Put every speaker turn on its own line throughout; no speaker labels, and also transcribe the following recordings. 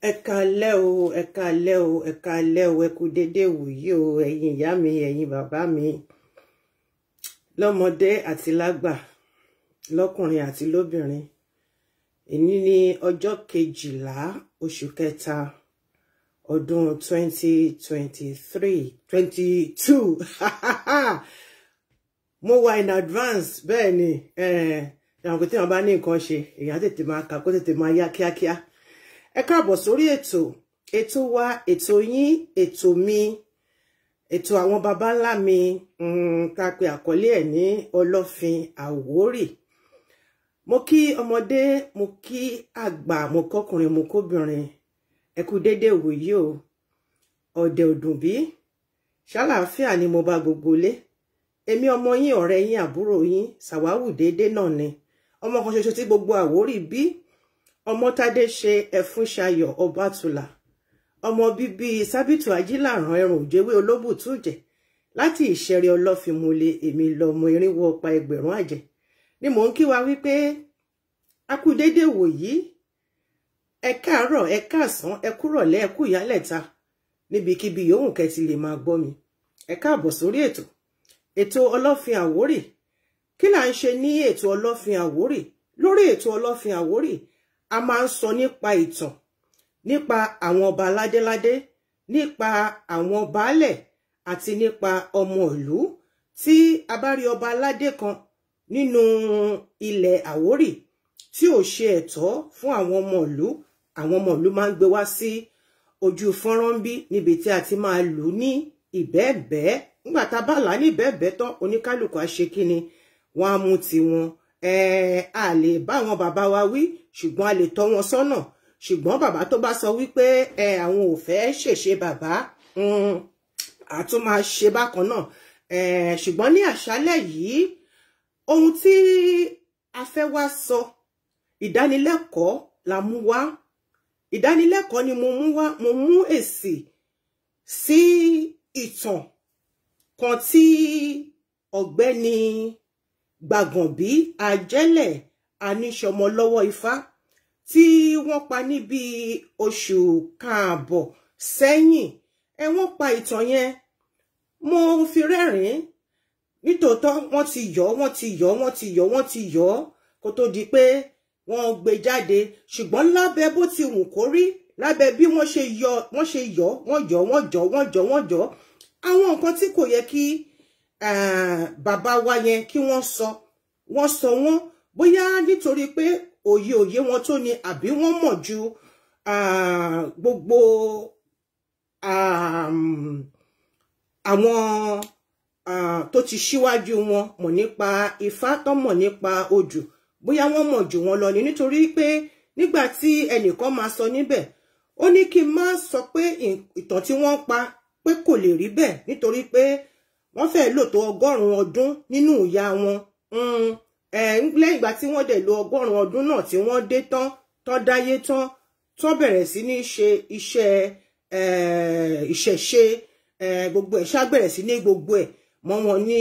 ẹ o ẹ o ẹ o ẹ kú dédé wòyí o ẹ̀yin ìyá mi ẹ̀yin bàbá mi lọ́mọdé àti lágbà lọ́kùnrin àti lóbìnrin èní ní ọjọ́ kejìlá oṣù kẹta ọdún twenty two. mo wà in advance bẹ́ẹ̀ ni ẹ̀ẹ́n àwọn kò tí wọ́n bá ní nǹkan ṣe èèyàn tètè máa kà kó tètè máa yá kíákíá ẹ káàbọ̀ sórí ètò ètò wa ètò yín ètò mi ètò àwọn baba ńlá mi mm, tá a pe àkọlé ẹ̀ ní ọlọ́fin àwórì mo kí ọmọdé mo kí àgbà mo kọkùnrin mo kóbìnrin ẹ kú déédéé wòyí o ọ̀dẹ̀ òdùnbí ṣàlàáfíà ni mo bá gbogbo lé èmi ọmọ yín ọ̀rẹ́ yín àbúrò yín ṣàwáwù déédéé náà ni ọmọ kan ṣoṣo tí gbogbo àwórì bí ọmọtádé ṣe ẹfúnṣayọ̀ ọbátúlà ọmọ bíbí sábìtù ajílàrán ẹrùn òjèwé olóbùtújẹ láti ìṣẹ̀rẹ̀ ọlọ́fimúlé èmi lọ́mọ irinwó ọpa ẹgbẹ̀rún àjẹ́ ni mò ń kí wa wípé a kú déédé wò yìí ẹ káàárọ̀ ẹ káàsán ẹ kúrọ̀lẹ́ ẹ kú ìyálẹ̀ta níbikíbi yòówù kẹtì lè máa gbọ́ mi ẹ káàbọ̀ sórí ètò ètò ọlọ́fin àwórì kí là ń ṣe ní ètò ọlọ́fin àwórì lórí ètò ọlọ́fin àwórì a máa ń sọ nípa ìtàn nípa àwọn ọba ládéládé nípa àwọn baálẹ̀ àti nípa ọmọ ìlú tí a bá rí ọba aládé kan nínú ilẹ̀ Àwórì tí ò ṣe ẹ̀tọ́ fún àwọn ọmọ ìlú àwọn ọmọ ìlú máa ń gbé wá sí ojú fọ́nrán bí níbi tí a ti máa lù ní ìbẹ́ẹ̀bẹ́ẹ́ nígbà tá a bá là á ní ìbẹ́ẹ̀bẹ́ẹ́ tán oníkálukú á wọ́n á mú tiwọn a lè bá àwọn bàbá wa wí ṣùgbọ́n a lè tọ́ wọn sọ́nà ṣùgbọ́n bàbá tó bá sọ wípé àwọn ò fẹ́ ṣèṣe bàbá hmm, a tún máa ṣe bákan náà ṣùgbọ́n ní àṣálẹ́ yìí ohun tí a fẹ́ wá sọ ìdánilẹ́kọ̀ọ́ la mú wá ìdánilẹ́kọ̀ọ́ ni mo mú wá mo mú èsì sí ìtàn kan tí ọ̀gbẹ́ni gbàgànbí àjẹlẹ̀ aníṣọmọ lọ́wọ́ ifá tí wọ́n pa ní bíi oṣù kan àbọ̀ sẹ́yìn ẹ wọ́n pa ìtàn yẹn mo fi rẹ́rìn-ín nítòótọ́ wọ́n ti yọ wọ́n ti yọ wọ́n ti yọ wọ́n ti yọ kó tó di pé wọ́n gbé jáde ṣùgbọ́n lábẹ́ bó ti wù kó rí lábẹ́ bí wọ́n ṣe yọ wọ́n ṣe yọ wọ́n yọ wọ́n jọ wọ́n jọ wọ́n jọ àwọn nǹkan tí kò yẹ kí Eh, Baba wa yẹn kí wọ́n sọ wọ́n sọ wọ́n bóyá nítorí pé òye òye wọn tó ni àbí wọ́n mọ̀ ju eh, gbogbo ehm, àwọn eh, tó ti ṣíwájú wọn mọ̀ nípa ifá tó mọ̀ nípa odù bóyá wọ́n mọ̀ jù wọn lọ ni nítorí pé nígbà tí ẹnìkan máa sọ níbẹ̀ ó ní kí n má sọ pé ìtàn tí pa pé kò lè rí bẹ́ẹ̀ nítorí pé wọ́n fẹ́ẹ́ lò tó ọgọ́rùn-ún ọdún nínú ìyá wọn hmm, lẹ́yìn ìgbà tí wọ́n dẹ̀ lo ọgọ́rùn-ún ọdún náà tí wọ́n dé tán tán dáyé tán tán bẹ̀rẹ̀ sí ní ṣe iṣẹ́ ìṣẹ̀ṣe gbogbo ẹ̀ ṣá bẹ̀rẹ̀ sí ní gbogbo ẹ̀ mọ́ wọn ní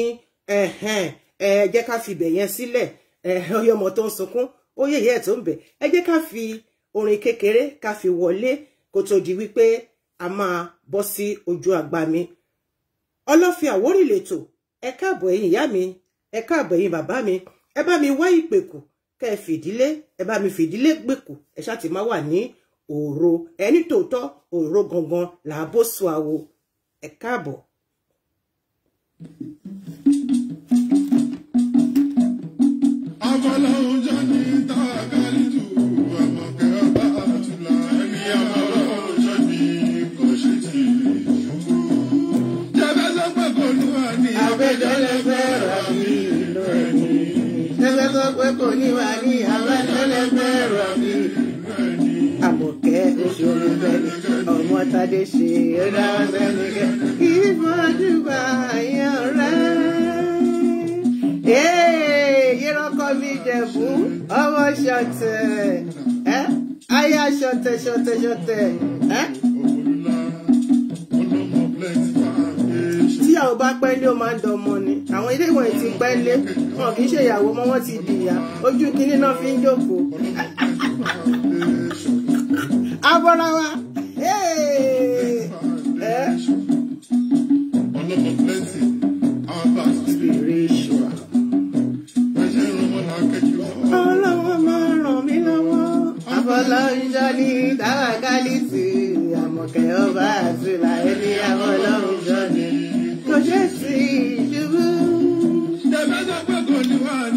jẹ́ ká fi ibẹ̀ yẹn sílẹ̀ ọyọmọ tó ń sunkún ó yẹ̀yẹ́ ẹ̀ tó ń bẹ̀ ẹ jẹ́ ká fi orin kékeré ká fi wọlé kó tó di wípé a máa bọ́ sí ojú àgbà mi ọlọ́fin àwórì lètò ẹ káàbọ̀ ẹ̀yin ìyá mi ẹ káàbọ̀ ẹ̀yin bàbá mi ẹ bá mi wá ìpèkù kẹ ẹ fìdílé ẹ bá mi fìdílé gbèkù ẹ ṣáà ti máa wà ní òòró ẹni tòótọ́ òòró gangan làbó sùn àwo ẹ káàbọ̀.
oníwàní abánilẹ́gbẹ́ rọ̀bì. Àmọ̀kẹ́ oṣù omi bẹ́ẹ̀ni ọmọ Tádé ṣe ó dáwọ́ sẹ́ni kẹ́. Ìfọ̀dùgbà yẹn tíyàwó bá pẹ́ lé ó máa ń dọmọ ni àwọn ilé ìwọ̀n ti pẹ́ lé wọn kì í ṣe ìyàwó mọ́ wọ́n ti dìyà ojú kínní náà fi ń jókòó. abọ́ra wa spiritual. ọlọ́wọ́ máa ràn mí lọ́wọ́ afọlọ́njọ́ ní dáwàkálí sí àmọ̀kẹ́ ọba àti làyé ní afọlọ́run.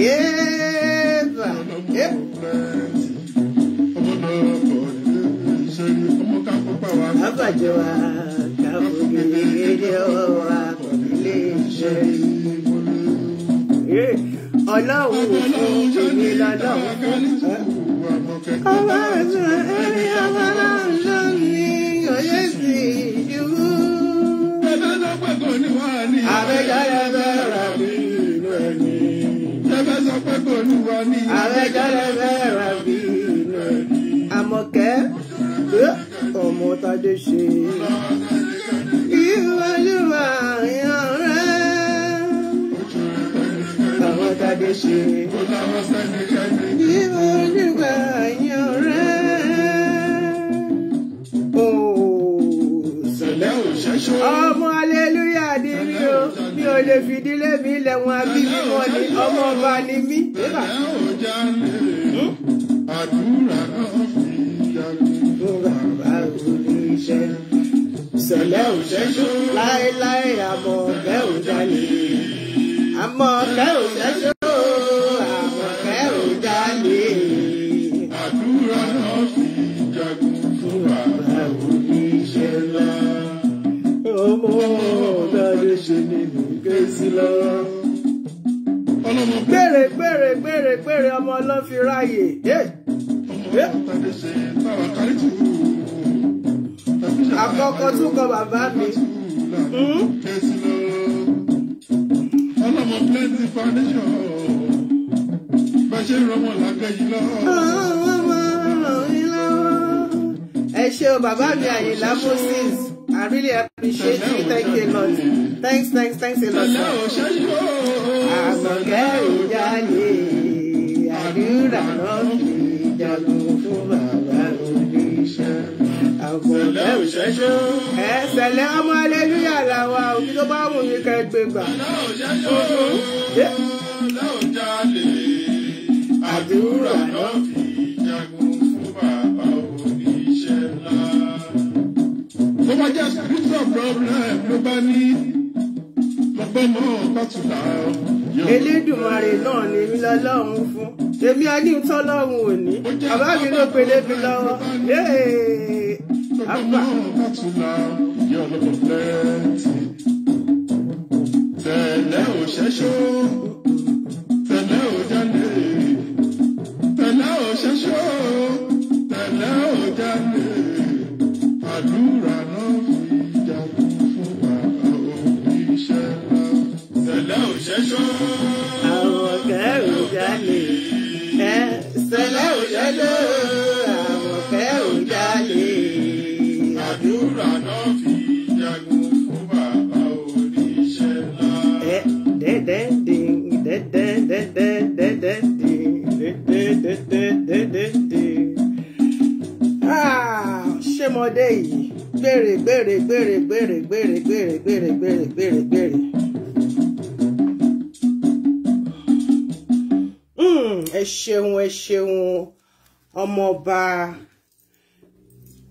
Eva. Abájọ wa kàwé ilé ọwọ́ àkọlé ìṣẹ́. Ọlọ́run fún èmi lọ́lọ́run fún. Ọba àti ẹni ọba náà lọ ní òye sí ìdíwọ́. Ẹgbẹ́ lọ́pẹ̀ kan ni wàá ní. Àbẹ̀jáde bẹ́ẹ̀ rà mí inú ẹni olúwa ní. àrẹjọlẹ mẹ́ra bí àmọ̀kẹ́ ọmọ tàdé ṣe. ìwọlúwa yàn rẹ àwọn tàdé ṣe. ìwọlúwa yàn rẹ. ọmọ aleluya ni mi o mi ò lè fìdílé mi lẹ̀wọ̀n abíbí wọn ni ọmọ ọba ni mi àdúrà. ẹ̀rẹ́ ò jáde àdúrà náà fi yàgò. tó bàbá ò lè ṣe ṣẹlẹ̀ ò ṣẹ́ṣọ́. láéláé àmọ̀ ọ̀gẹ́ ò jalè àmọ̀ ọ̀gẹ́ ò ṣẹ́ṣọ́. Bàbá mi Àyìnlá Moses, I really appreciate you. Thank you a lot. Thanks, thanks, thanks a lot. Àgbọ̀ngẹ́ òjàlè, àdúrà rọ́ọ̀kì ìjagun fún bàbá olùṣà. Àgbọ̀ngẹ́ òṣẹ́ṣọ́. Ẹ ṣẹlẹ̀ ọmọ alẹ́lúyà làwọn òbí tó bá wù mí kẹgbẹ́ gbà. Àgbọ̀ngẹ́ òṣẹ́ṣọ́. Elédùmarè náà ni mi lọ́lọ́run fún èmi àní tọ́lọ́run ò ní bàbá ló pele mi lọ́wọ́ àpà.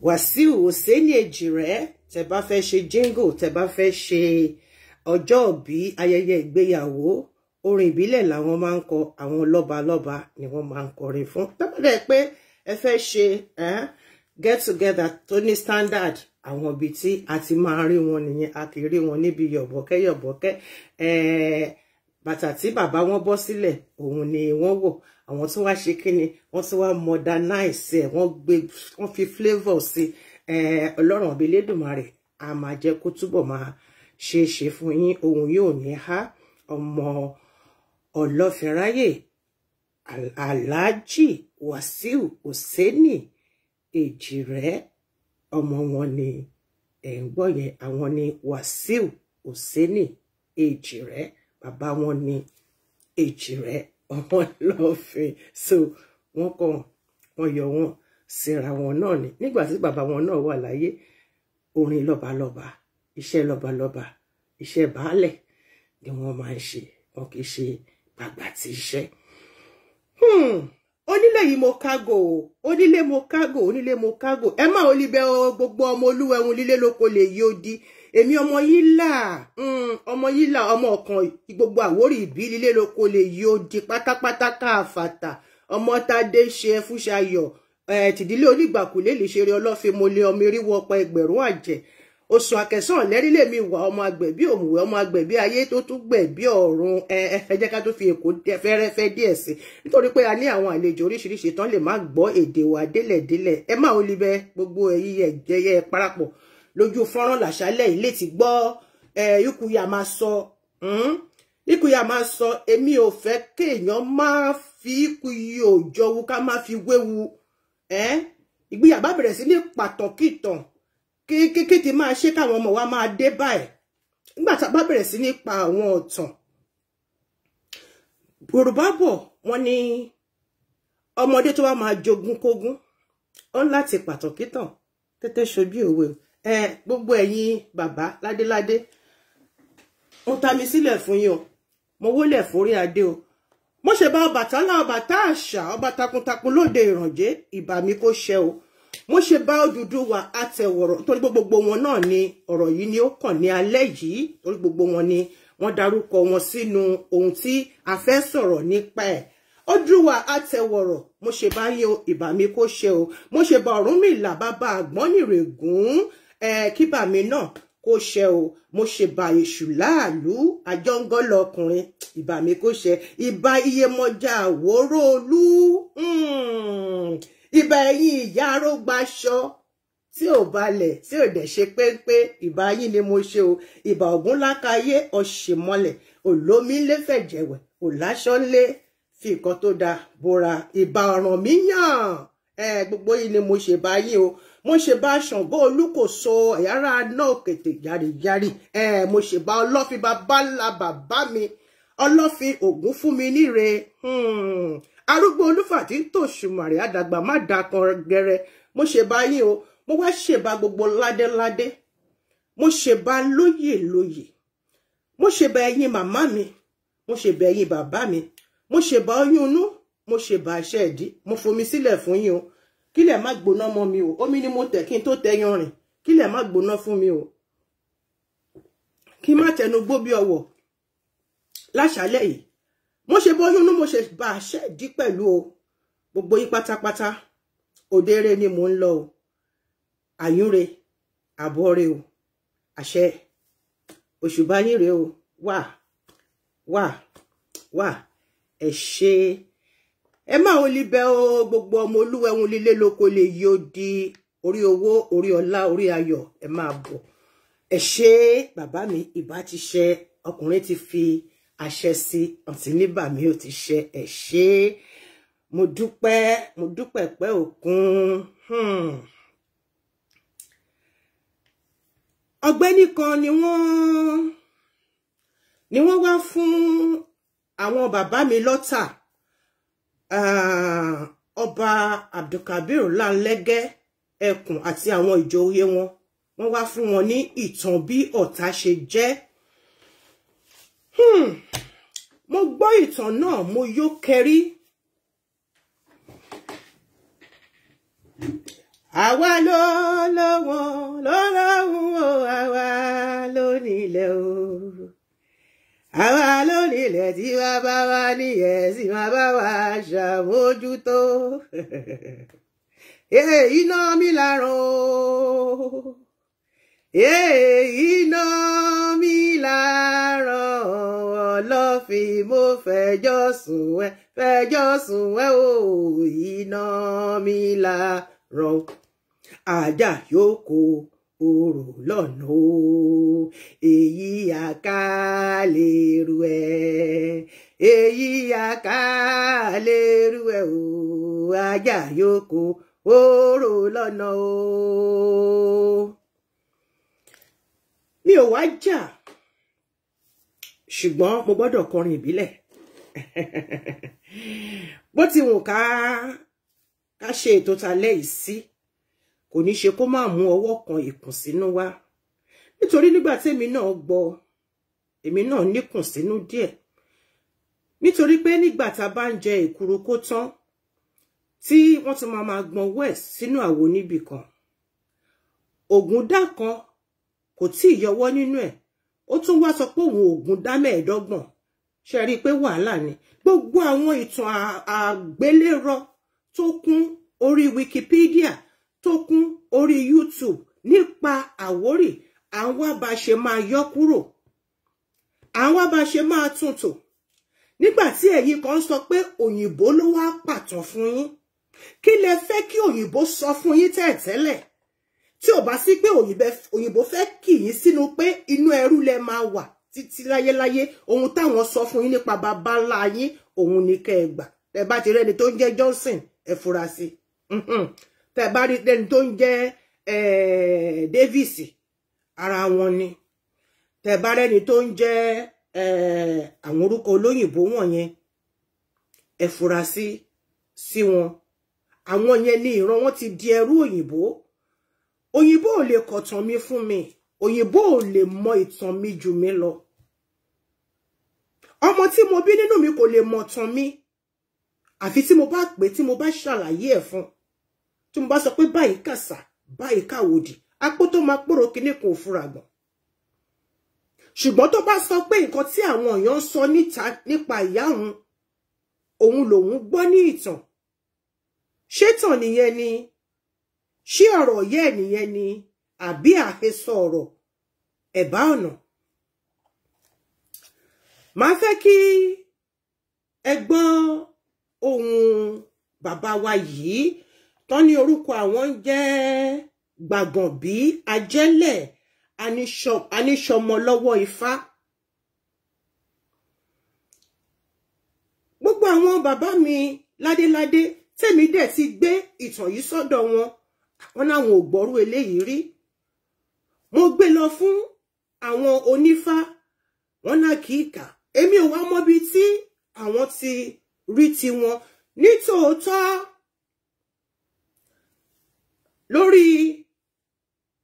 wàsíù òsèlè èjìrẹ́ tẹ́ bá fẹ́ ṣe jingle tẹ́ bá fẹ́ ṣe ọjọ́ òbí ayẹyẹ ìgbéyàwó orin ìbílẹ̀ làwọn máa ń kọ àwọn lọ́balọ́ba ni wọ́n máa ń kọrin fún tọ́pẹ́lẹ́ pé ẹ fẹ́ ṣe get together tó ní standard àwọn ibi tí a ti máa rí wọn nìyẹn a kì í rí wọn níbi yọ̀bọ̀kẹ́ yọ̀bọ̀kẹ́ ẹ̀ẹ́ bàtà tí bàbá wọn bọ́ sílẹ̀ òun ni wọ́n wọ̀ àwọn tún wá ṣe kíni wọ́n tún wá modernize ẹ̀ wọ́n gbé wọ́n fi flavour sí ọlọ́run ọ̀bẹ lẹ́dùnmarè a máa jẹ́ kó túbọ̀ máa ṣe é ṣe fún yín òun yóò ní há ọmọ ọlọ́fẹ́ráyè aláàjì wàsíù òsénì èjìrẹ́ ọmọ wọn ni ẹ̀ ń gbọ́ yẹn àwọn ni wàsíù òsénì èjìrẹ́ bàbá wọn ni èjìrẹ ọmọlọ́fin so wọ́n kàn wọ́n yọ wọn síra wọn náà ni nígbà tí bàbá wọn náà wà láyé orin lọ́balọ́ba iṣẹ́ lọ́balọ́ba iṣẹ́ baálẹ̀ ni wọ́n máa ń ṣe wọn kì í ṣe gbàgbà tí iṣẹ́. Hmm, onílé yìí mo kágò onílé mo kágò onílé mo kágò ẹ má olíbẹ gbogbo ọmọ olúwẹ̀hún lílé lóko lè yí ó di èmi ọmọ yìí là mm, ọmọ yìí là ọmọ ọkàn gbogbo àwórì ìbí lílé lóko lè yóò di pátápátá káàfàtà ọmọ tádé ṣe fúnṣayọ tìdílé onígbàkulé lè ṣeré ọlọ́fin mo lé ọmọ eríwọ ọ̀pọ̀ ẹgbẹ̀rún àjẹ́ oṣù àkẹsàn lẹ́rí lèmi wà ọmọ agbẹ̀bí òmùwé ọmọ agbẹ̀bí ayé tó tún gbẹ̀bí ọ̀run ẹ jẹ́ ká tó fi èkó fẹ́rẹ́fẹ́ díẹ̀ sí nítorí pé a ní àwọn àlejò oríṣiríṣi tán lè má gbọ́ èdè wa délẹ̀délẹ̀ ẹ má ò lè bẹ gbogbo ẹ̀yí ẹ̀jẹ̀yẹ parapọ̀ lójú fọ́nrán làṣálẹ̀ ilé ti gbọ́ ikuya máa sọ hmm? ikuya máa sọ èmi ò fẹ́ kéèyàn máa fi ikuyi òjọwu ká máa fi wéwu ìgbéyàbá bẹ̀rẹ̀ sí ní pàtọ́kìtàn kéékèèké ti máa ṣe káwọn ọmọ wa máa dé báyìí nígbà tá a bá bẹ̀rẹ̀ sí ní pa àwọn ọ̀tàn yorùbá bọ̀ wọ́n ní ọmọdé tó wá máa jogún kógún ó ń láti pàtọ́kìtàn tètè ṣojú òwe o ẹ gbogbo ẹ̀yin bàbá ládéládé mo ta mi sílẹ̀ fún yín o mo wólẹ̀ forí adé o mo ṣe bá Ọbàtálá ọba tá àṣà ọba takuntakun lóde ìrànjẹ ìbà mi kò ṣẹ o mo ṣe bá Odùduwà àtẹwọrọ torí gbogbo wọn náà ni ọ̀rọ̀ yìí ni ó kàn ní alẹ́ yìí torí gbogbo wọn ni wọ́n darúkọ wọn sínú ohun tí a fẹ́ sọ̀rọ̀ nípa ẹ̀ Odùduwà àtẹwọ̀rọ̀ mo ṣe bá yín ìbà mi kó ṣe o mo ṣe bá Ọ̀rúnmìlà bàbá Àgbọnnìrègún kíbà mi náà kó ṣe o mo ṣe bá èṣù láàlú àjọngọlọ ọkùnrin ìbà mi kó ṣe ìbà iyemọja àwòrò olú hmm. ìbà ẹ̀yin ìyá arógbaṣọ tí ò balẹ̀ tí ò dẹ̀ ṣe péńpé ìbà yín ni mo ṣe o ìbà ògúnlákayé ọ̀ṣìmọlẹ̀ olómíléfẹ̀jẹ̀wẹ̀ òláṣọ́lé fi nǹkan tó da bora ìbà ọ̀ràn mi yàn gbogbo yìí ni mo ṣe bá yín o mo ṣe bá ṣàngó olúkòso ẹ̀yára náà kètè járijári mo ṣe bá ọlọ́fin bàbá ńlá bàbá mi ọlọ́fin ògún fún mi re hmm arugbo tí ń tòṣùmàrè adagba ma da kan gẹrẹ mo ṣe bá yín o mo wa ṣe bá gbogbo ládéládé mo ṣe bá lóyè lóyè mo ṣe bá ẹ̀yin màmá mi mo ṣe bá ẹ̀yin bàbá mi mo ṣe bá oyún mo ṣe bá iṣẹ́ ìdí mo fomi sílẹ̀ fún yín o kílẹ̀ má gbóná mọ́ mi o omi ni mo tẹ̀ kí n tó tẹ yanrìn kílẹ̀ má gbóná fún mi o kí má tẹnu gbó bí ọwọ́ láṣálẹ́ yìí mo ṣe bóyún ní mo ṣe bá a ṣe dí pẹ̀lú o gbogbo yín pátápátá òdèrè ni mò ń lọ o àyúnre àbọ̀re o àṣẹ òṣùbà yín rèé o wà wà wà ẹ ṣe ẹ máa ń libẹ o gbogbo ọmọ olúwẹ ń lílé lóko lè yí ó di orí owó orí ọlá orí ayọ̀ ẹ máa bọ̀ ẹ ṣe bàbá mi ìbá ti ṣe ọkùnrin ti fi àṣẹ sí àǹtí ní bàmí ò ti ṣe ẹ ṣe mo dúpẹ́ mo dúpẹ́ pẹ òkun hmm. ọ̀gbẹ́ni kan ni wọ́n ni wọ́n wá fún àwọn bàbá mi lọ́tà. Eh, ọba Abdulkabir Ọlálékè ẹkùn àti àwọn ìjòyè wọn wọ́n wá fún wọn ní ìtàn bí ọ̀tá ṣe jẹ́ hmm, mo gbọ́ ìtàn náà mo yó kẹrí àwa ló lọ́wọ́ lọ́lọ́run o àwa
ló nílẹ̀ o àwa lónìlẹ̀ tí wàá bá wa nìyẹn sì máa bá wa ṣàmójútó iná mi lárùn o iná mi lárùn ọlọ́fin mo fẹjọ́
sùn ẹ́ fẹjọ́ sùn ẹ́ o iná mi lárùn ajá yòókù òrò lọ́nà o èyí àkàlérú ẹ èyí àkàlérú ẹ o ajá yòókù òrò lọ́nà o. mi ò wá jà ṣùgbọ́n mo gbọ́dọ̀ kọrin ìbílẹ̀ bó ti wù ká ká ṣe ètò ta lẹ́yìn sí. Si kò ní ṣe kó má mú ọwọ́ kan ìkùnsínú wá nítorí nígbà tèmi náà gbọ́ èmi náà níkùnsínú díẹ̀ nítorí pé nígbà tá a bá ń jẹ èkuru kó tán tí wọ́n ti máa máa gbọn west sínú àwo níbì kan ògùn dá kan kò tí ì yọwọ́ nínú ẹ̀ ó tún wá sọ pé òun ògùn dá mẹ́ẹ̀ẹ́dọ́gbọ̀n ṣe rí i pé wàhálà ni gbogbo àwọn ìtàn àgbélérọ tó kún orí wikipedia tó kún orí YouTube nípa Àwórì à ń wá bá ṣe máa yọ kúrò à ń wá bá ṣe máa tuntò nígbà tí ẹ̀yin kan sọ pé òyìnbó ló wá pàtàn fún yín kí lẹ fẹ́ kí òyìnbó sọ fún yín tẹ́ẹ̀tẹ́lẹ̀ tí ò bá sí pé òyìnbó fẹ́ kì yín sínú pé inú ẹrú lẹ máa wà títí láyéláyé ohun táwọn sọ fún yín nípa bàbá ńlá yín òun ni kẹ́ ẹ gbà ẹ bá ti rẹ́ni tó ń jẹ́ Johnson ẹ fura sí tẹ bá rí tẹni tó ń jẹ́ eh, Davis ara wọn ni tẹ bá rẹni tó ń jẹ́ eh, àwọn orúkọ olóyìnbó wọ̀nyẹn ẹ fura sí sí wọn àwọn yẹn ní ìran wọn ti di ẹrú òyìnbó òyìnbó ò lè kọ̀tàn mi fún mi òyìnbó ò lè mọ ìtàn mi jù mí lọ ọmọ tí mo bí nínú mi kò lè mọ tàn mi àfi tí mo bá pè tí mo bá ṣàlàyé ẹ̀ fún un tí mo bá sọ pé báyìí kàṣà báyìí káwòdì apó tó máa pòrò kinní kan òfúra gbọ̀n ṣùgbọ́n tó bá sọ pé nǹkan tí àwọn èèyàn ń sọ níta nípa ìyá òun òun lòun gbọ́ ní ìtàn ṣétàn nìyẹn ni ṣé ọ̀rọ̀ ọ̀yẹ́ nìyẹn ni àbí àhesọ ọ̀rọ̀ ẹ̀bá ọ̀nà máa fẹ́ kí ẹ ohun bàbá wa yìí tán ní orúkọ àwọn ń jẹ́ gbàgànbí ajẹ́lẹ̀ aníṣọmọ lọ́wọ́ ifá. gbogbo àwọn bàbá mi ládéládé tèmi dẹ̀ ti gbé ìtàn yìí sọ́dọ̀ wọn wọn láwọn ò gbọ́rú eléyìí rí mo gbé lọ fún àwọn onífá wọn náà kì í kà èmi ò wá mọbi tí àwọn ti rí tiwọn nítòótọ́ lórí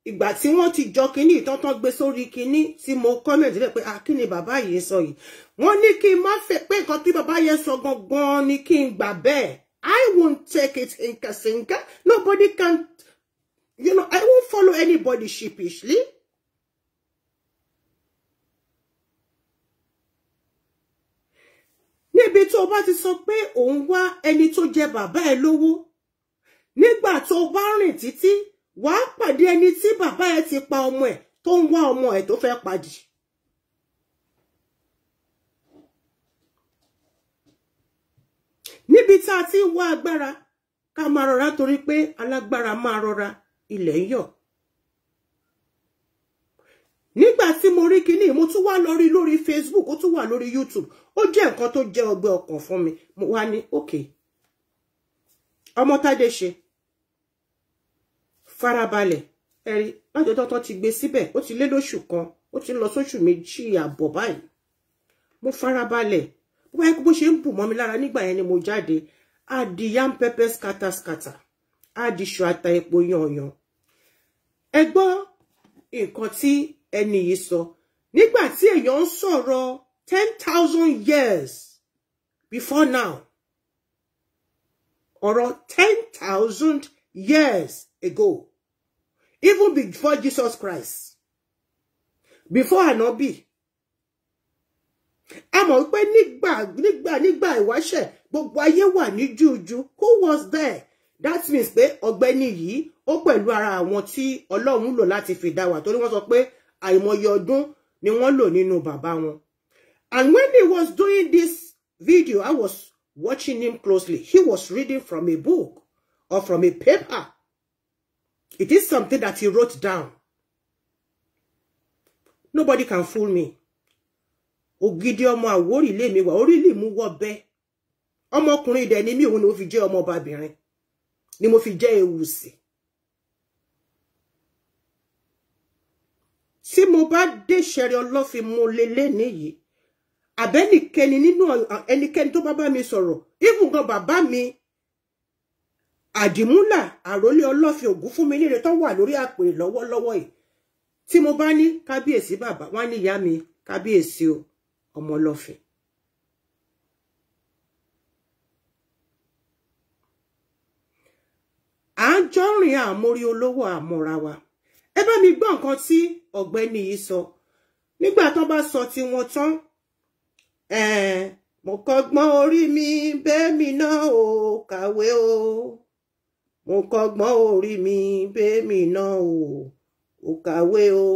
ìgbà tí wọ́n ti jọ kínní tọ́tọ́ gbé sórí kínní tí mo kọ́mẹ̀ntì rẹ̀ pé a ah, kí ni bàbá yìí sọ yìí wọ́n ní kí n má fẹ́ pé nǹkan tí bàbá yẹn sọ gangan ni kí n gbà bẹ́ẹ̀ I won't take it nkasinka nobody can you know I won't follow anybody sheepishly. níbi tó o bá ti sọ pé òun wá ẹni tó jẹ bàbá ẹ lówó nígbà tó bá rìn títí wàá pàdé ẹni tí bàbá ẹ ti pa ọmọ ẹ tó ń wá ọmọ ẹ tó fẹ́ padì. níbi tá a ti ń wá agbára ká máa rọra torí pé alágbára máa rọra ilẹ̀ ń yọ̀. nígbà tí mo rí kinní mo tún wá lọ lórí Facebook ó tún wà lórí YouTube ó jẹ́ nǹkan tó jẹ́ ọgbẹ́ ọkàn fún mi mo wá ní òkè ọmọ Tádé ṣe farabalẹ̀ ẹ̀rí lọ́jọ́jọ́ tó ti gbé síbẹ̀ ó ti lé lóṣù kan ó ti lọ sóṣù méjì àbọ̀ báyìí mo farabalẹ̀ bó bá yẹ kó bó ṣe ń bù mọ́ mi lára nígbà yẹn ni mo jáde adìyàn pẹpẹ skataskata adìṣọ ata epo yanyan ẹ gbọ́ nǹkan tí ẹni yìí sọ nígbà tí èèyàn ń sọ̀rọ̀ ten thousand years before now ọ̀rọ̀ ten thousand years ago, even before Jesus Christ, before Ànábì, a mọ̀ pé nígbà nígbà nígbà ìwáṣẹ̀ gbogbo ayé wà ní juju? who was there that means pé ọ̀gbẹ́ni yìí ó pẹ̀lú ara àwọn tí Ọlọ́run lò láti fi dá wa torí wọ́n sọ pé àìmọye ọdún ni wọ́n lò nínú bàbá wọn and when he was doing this video I was watching him closely he was reading from a book or from a paper It is something that he wrote down. Nobody can fool me. Ògidì ọmọ Àwórì lé mi wá, orí lè mú wọ́ bẹ́. Ọmọkùnrin dẹ̀ ni mí òun ni mo fi jẹ́ ọmọ ọbabìnrin. Ni mo fi jẹ́ Ewùsì. Tí mo bá dé ṣẹ̀rẹ̀ ọlọ́fin mo lè lé níyìí. Àbẹ́nikẹ́ni nínú ẹnikẹ́ni tó bá bá mi sọ̀rọ̀, even gan bàbá mi àdìmúlà àròlé ọlọ́fin ògún fún mi níre tó wà lórí àpèrè lọ́wọ́lọ́wọ́ yìí tí mo bá ní kábíyèsí bàbá wá ní ìyá mi kábíyèsí o ọmọ ọlọ́fin. à ń jọ rìn àmórí olówó àmọ́ra wa ẹ bá mi gbọ́ nǹkan tí ọ̀gbẹ́ni yìí sọ nígbà tó bá sọ tiwọn tán mo kọ́gbọ́n orí mi bẹ́ẹ̀ mi náà ò kàwé o mo kọ́gbọ́n orí mi bẹ́ẹ̀mì náà o ò kàwé o.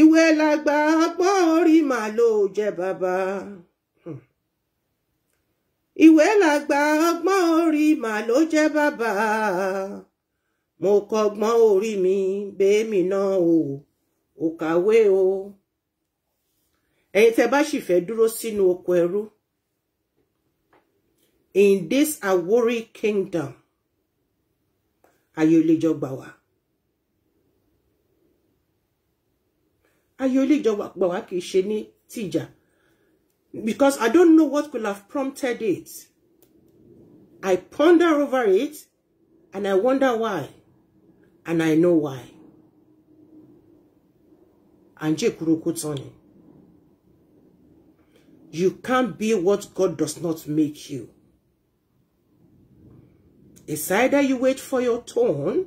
ìwé làgbà ọgbọ́n orí màá ló jẹ́ bàbá. Hmm. ìwé làgbà ọgbọ́n orí màá ló jẹ́ bàbá. mo kọ́gbọ́n orí mi bẹ́ẹ̀mì náà o ò kàwé o. ẹ̀yin tẹ́ bá sì fẹ́ dúró sínú oko ẹrú in this Awori kingdom I ò lè jọ gbà wá ayé lè jọ gbà wá kì ṣe ní tìjà because I don't know what could have prompted it I ponder over it and I wonder why and I know why àǹjẹ́ ìkúrokú tán you can't be what God does not make you. It's either you wait for your turn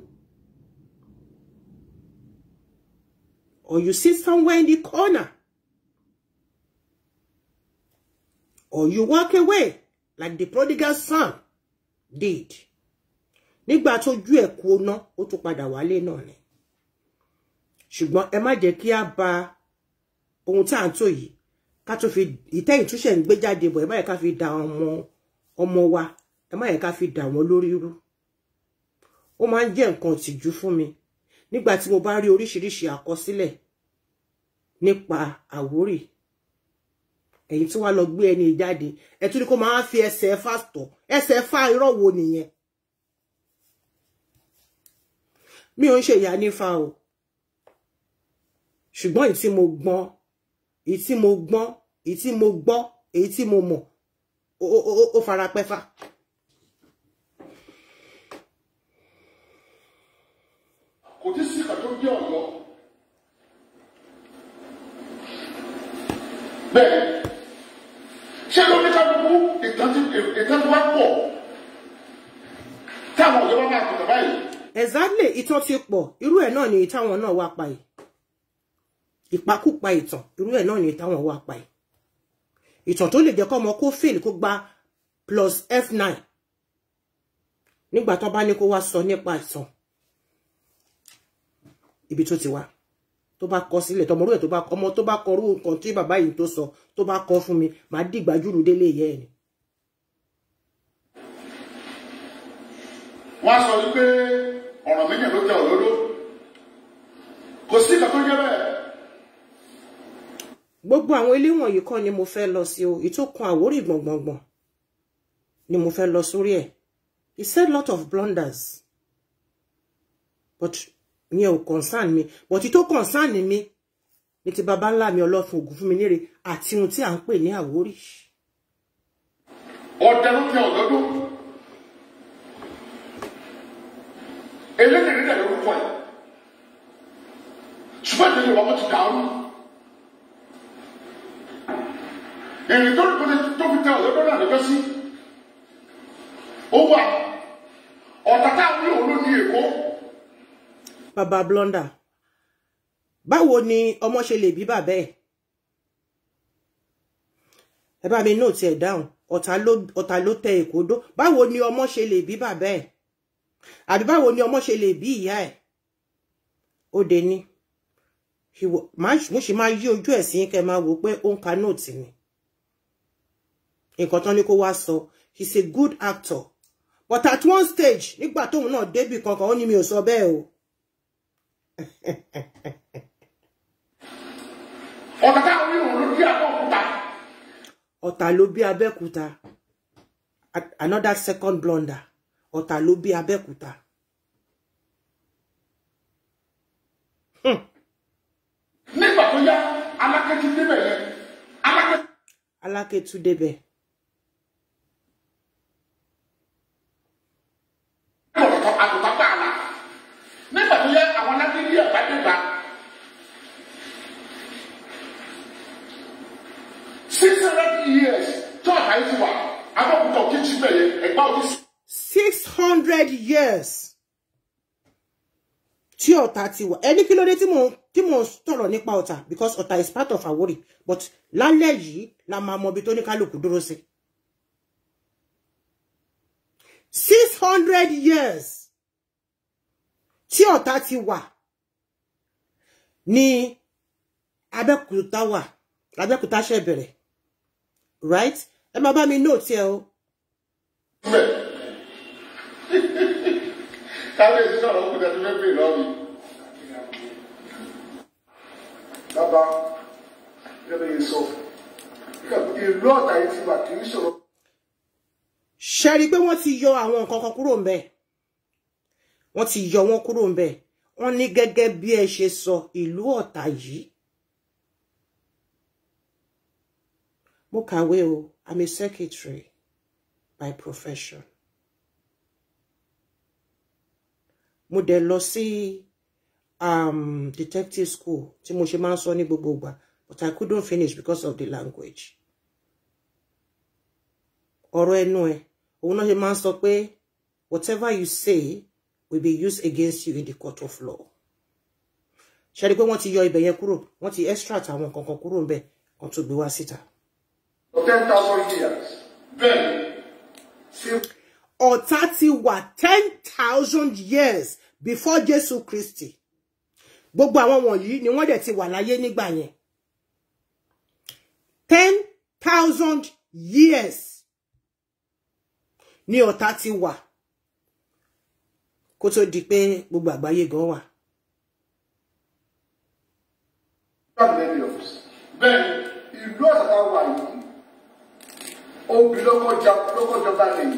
or you sit somewhere in the corner or you walk away like the prodigal son did. Nígbà ju e kú ọ̀nà ó tún padà wálé náà ni. Ṣùgbọ́n ẹ má jẹ́ kí a ba ohun tá à ń tò yìí ká tó fi ìtẹ́yìn túṣẹ̀ ń gbé jáde bọ̀ ẹ má yẹ fi da ọmọ ọmọ wa ẹ má yẹ ká fi dà wọ́n lórí rú ó máa ń jẹ́ nǹkan tìjú fún mi nígbà tí mo bá rí oríṣiríṣi àkọsílẹ̀ nípa Àwórì ẹ̀yin tí wàá lọ gbé ẹni jáde ẹ tún ní kó máa fi ẹsẹ̀ fà tọ̀ ẹsẹ̀ fà irọ́ wo nìyẹn mi ò ń ṣe ìyá nífa o ṣùgbọ́n èyí tí mo gbọ́n èyí tí mo gbọ́n èyí tí mo gbọ́ èyí tí mo mọ̀ ó farapẹ́fà.
bẹ́ẹ̀ ṣé lóníkàlùkù ìtàn ti wá pọ̀ táwọn òjò bá máa pè tàbá yìí.
exactly ìtàn ti pọ̀ irú ẹ̀ náà ni ìtàwọn náà wá pa yìí ìpakúpa ìtàn irú ẹ̀ náà ni ìtàwọn wá pa yìí ìtàn tó lè jẹ́ kọ́ ọmọ kó fail kó gba plus f9 nígbà tó bá ní kó wá sọ nípa ìtàn ibi tó ti wá tó bá kọ sílẹ̀ tọmọrú ẹ̀ tó bá ọmọ tó bá kọrú nǹkan tí bàbá yìí tó sọ tó bá kọ fún mi màá dìgbà jùlù délé ìyá ẹ̀ ni.
wọ́n sọ wípé ọ̀ràn méjì ló jẹ òdodo kò sí ìkà tó jẹ bẹ́ẹ̀.
gbogbo àwọn ilé wọ̀nyí kọ́ ni mo fẹ́ lọ sí o ìtòkun Àwórì gbọ̀ngbọ̀ngbọ̀n ni mo fẹ́ lọ sórí ẹ̀ he said lot of blunders but ìyẹn ò concern mi but tó concern mi ní ti baba ńlá mi ọlọ́fun ògùn fún mi níre àti ohun tí à ń pè ní àwórì.
ọ̀dàlókè ọ̀dọ́dún eléyìí nílẹ̀ lórúkọ ẹ̀ ṣùgbọ́n ìdílé wa wọ́n ti dàrú èrè tó tó ní tó fi tẹ ọ̀dọ́dún náà lọ́jọ́ sí ó wà ọ̀tá táwọn yóò ló ní èkó.
Baba blonda báwo ni ọmọ ṣe lè bí bàbá ẹ̀ ẹ bá mi nóòtì ẹ̀ dáhùn ọ̀tá ló tẹ èkó dó báwo ni ọmọ ṣe lè bí bàbá ẹ̀ àbí báwo ni ọmọ ṣe lè bí ìyá ẹ̀ ó dé ní mo ṣe máa yí ojú ẹ̀ sí kẹ́ máa wò pé ó ń ka ni nǹkan tán ní kó wá sọ he's a good actor but at one stage nígbà tóun na debut kankan ó ní mi ò sọ bẹ́ẹ̀ o
ọ̀tá táwọn oníhùn bí abẹ́òkúta.
ọ̀tá ló bí abẹ́òkúta another second blunder ọ̀tá ló bí abẹ́òkúta. Hmm.
nígbà tó yá alákẹ́tù débẹ̀ yẹn
alákẹ́tù débẹ̀.
nígbà tó yá anabi ní ẹ̀fà six hundred years church ayé ti wà abọ́kùtọ̀ kíchì bẹ̀yẹ ẹ̀gbá òkú.
six hundred years tí ọ̀tà ti wà ẹni kí ló dé tí mò ń tí mò ń tọ̀rọ̀ nípa ọ̀tà because ọ̀tà is part of our worry. but lálẹ́ yìí la máa mọ ibi tó ní kálukú dúró sí. six hundred years tí ọ̀tá ti wà ní Abẹ́òkúta wà Abẹ́òkúta ṣe bẹ̀rẹ̀ right ẹ máa bá mi nóòtì ẹ o.
kábíyèsí sọ̀rọ̀ kù tẹ́tí fẹ́ bèèrè lọ́ọ̀bì. bàbá gẹ́gẹ́ bí sọ ìlú ọ̀tá yìí ti wà kì í sọ̀rọ̀.
ṣe rí i pé wọ́n ti yọ àwọn nǹkan kan kúrò ń bẹ́ẹ̀ wọ́n ti yọ wọ́n kúrò ńbẹ̀ wọ́n ní gẹ́gẹ́ bí ẹ ṣe sọ ìlú Ọ̀tà yìí mo kàwé o I'm a secretary by profession mo dẹ̀ lọ sí um, detective school tí mo ṣe máa ń sọ ní gbogbo ìgbà but I couldn't finish because of the language ọ̀rọ̀ ẹnu ẹ̀ òun náà ṣe máa ń sọ pé whatever you say will be used against you in the court of law Shall we go on to your yọ ibẹ̀ yẹn kúrò wọ́n ti extract àwọn kankan kúrò ń bẹ̀ kan tó gbé For síta.
ten thousand years
bẹ́ẹ̀. ọ̀tá ti wà ten thousand years before Jésù Kristi gbogbo àwọn wọ̀nyí ni wọ́n dẹ̀ ti wà láyé nígbà yẹn ten thousand years ni ọ̀tá ti kó tó di pé gbogbo àgbáyé gan wà.
bẹ́ẹ̀ ìlú ọ̀sán wà yìí obì lọ́kọ̀jọba lẹ́yìn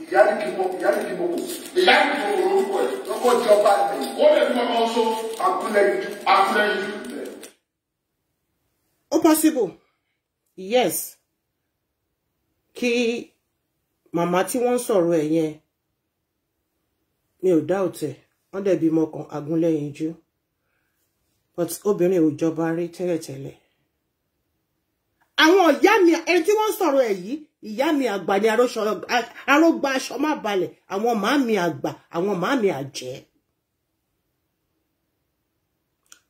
ìyáríkìmọ̀ ìyáríkìmọ̀ kò. ìyáríkìmọ̀ kò
lórúkọ ẹ̀. lọ́kọ̀jọba lẹ́yìn. ó lè fún
ọmọ ọsọ. akúlẹ̀yìnjú. akúlẹ̀yìnjú.
ó possible yes kí màmá tí wọ́n sọ̀rọ̀ ẹ̀ yẹn mi ò dá òtẹ̀ wọ́n dẹ̀ bímọ kan agúnlẹ̀yìnjú but obìnrin ò jọba rí tẹ́lẹ̀tẹ́lẹ̀ àwọn ìyá mi ẹni tí wọ́n sọ̀rọ̀ ẹ̀ yìí ìyá mi àgbà ni arógbá ma má balẹ̀ àwọn màámi àgbà àwọn màámi àjẹ́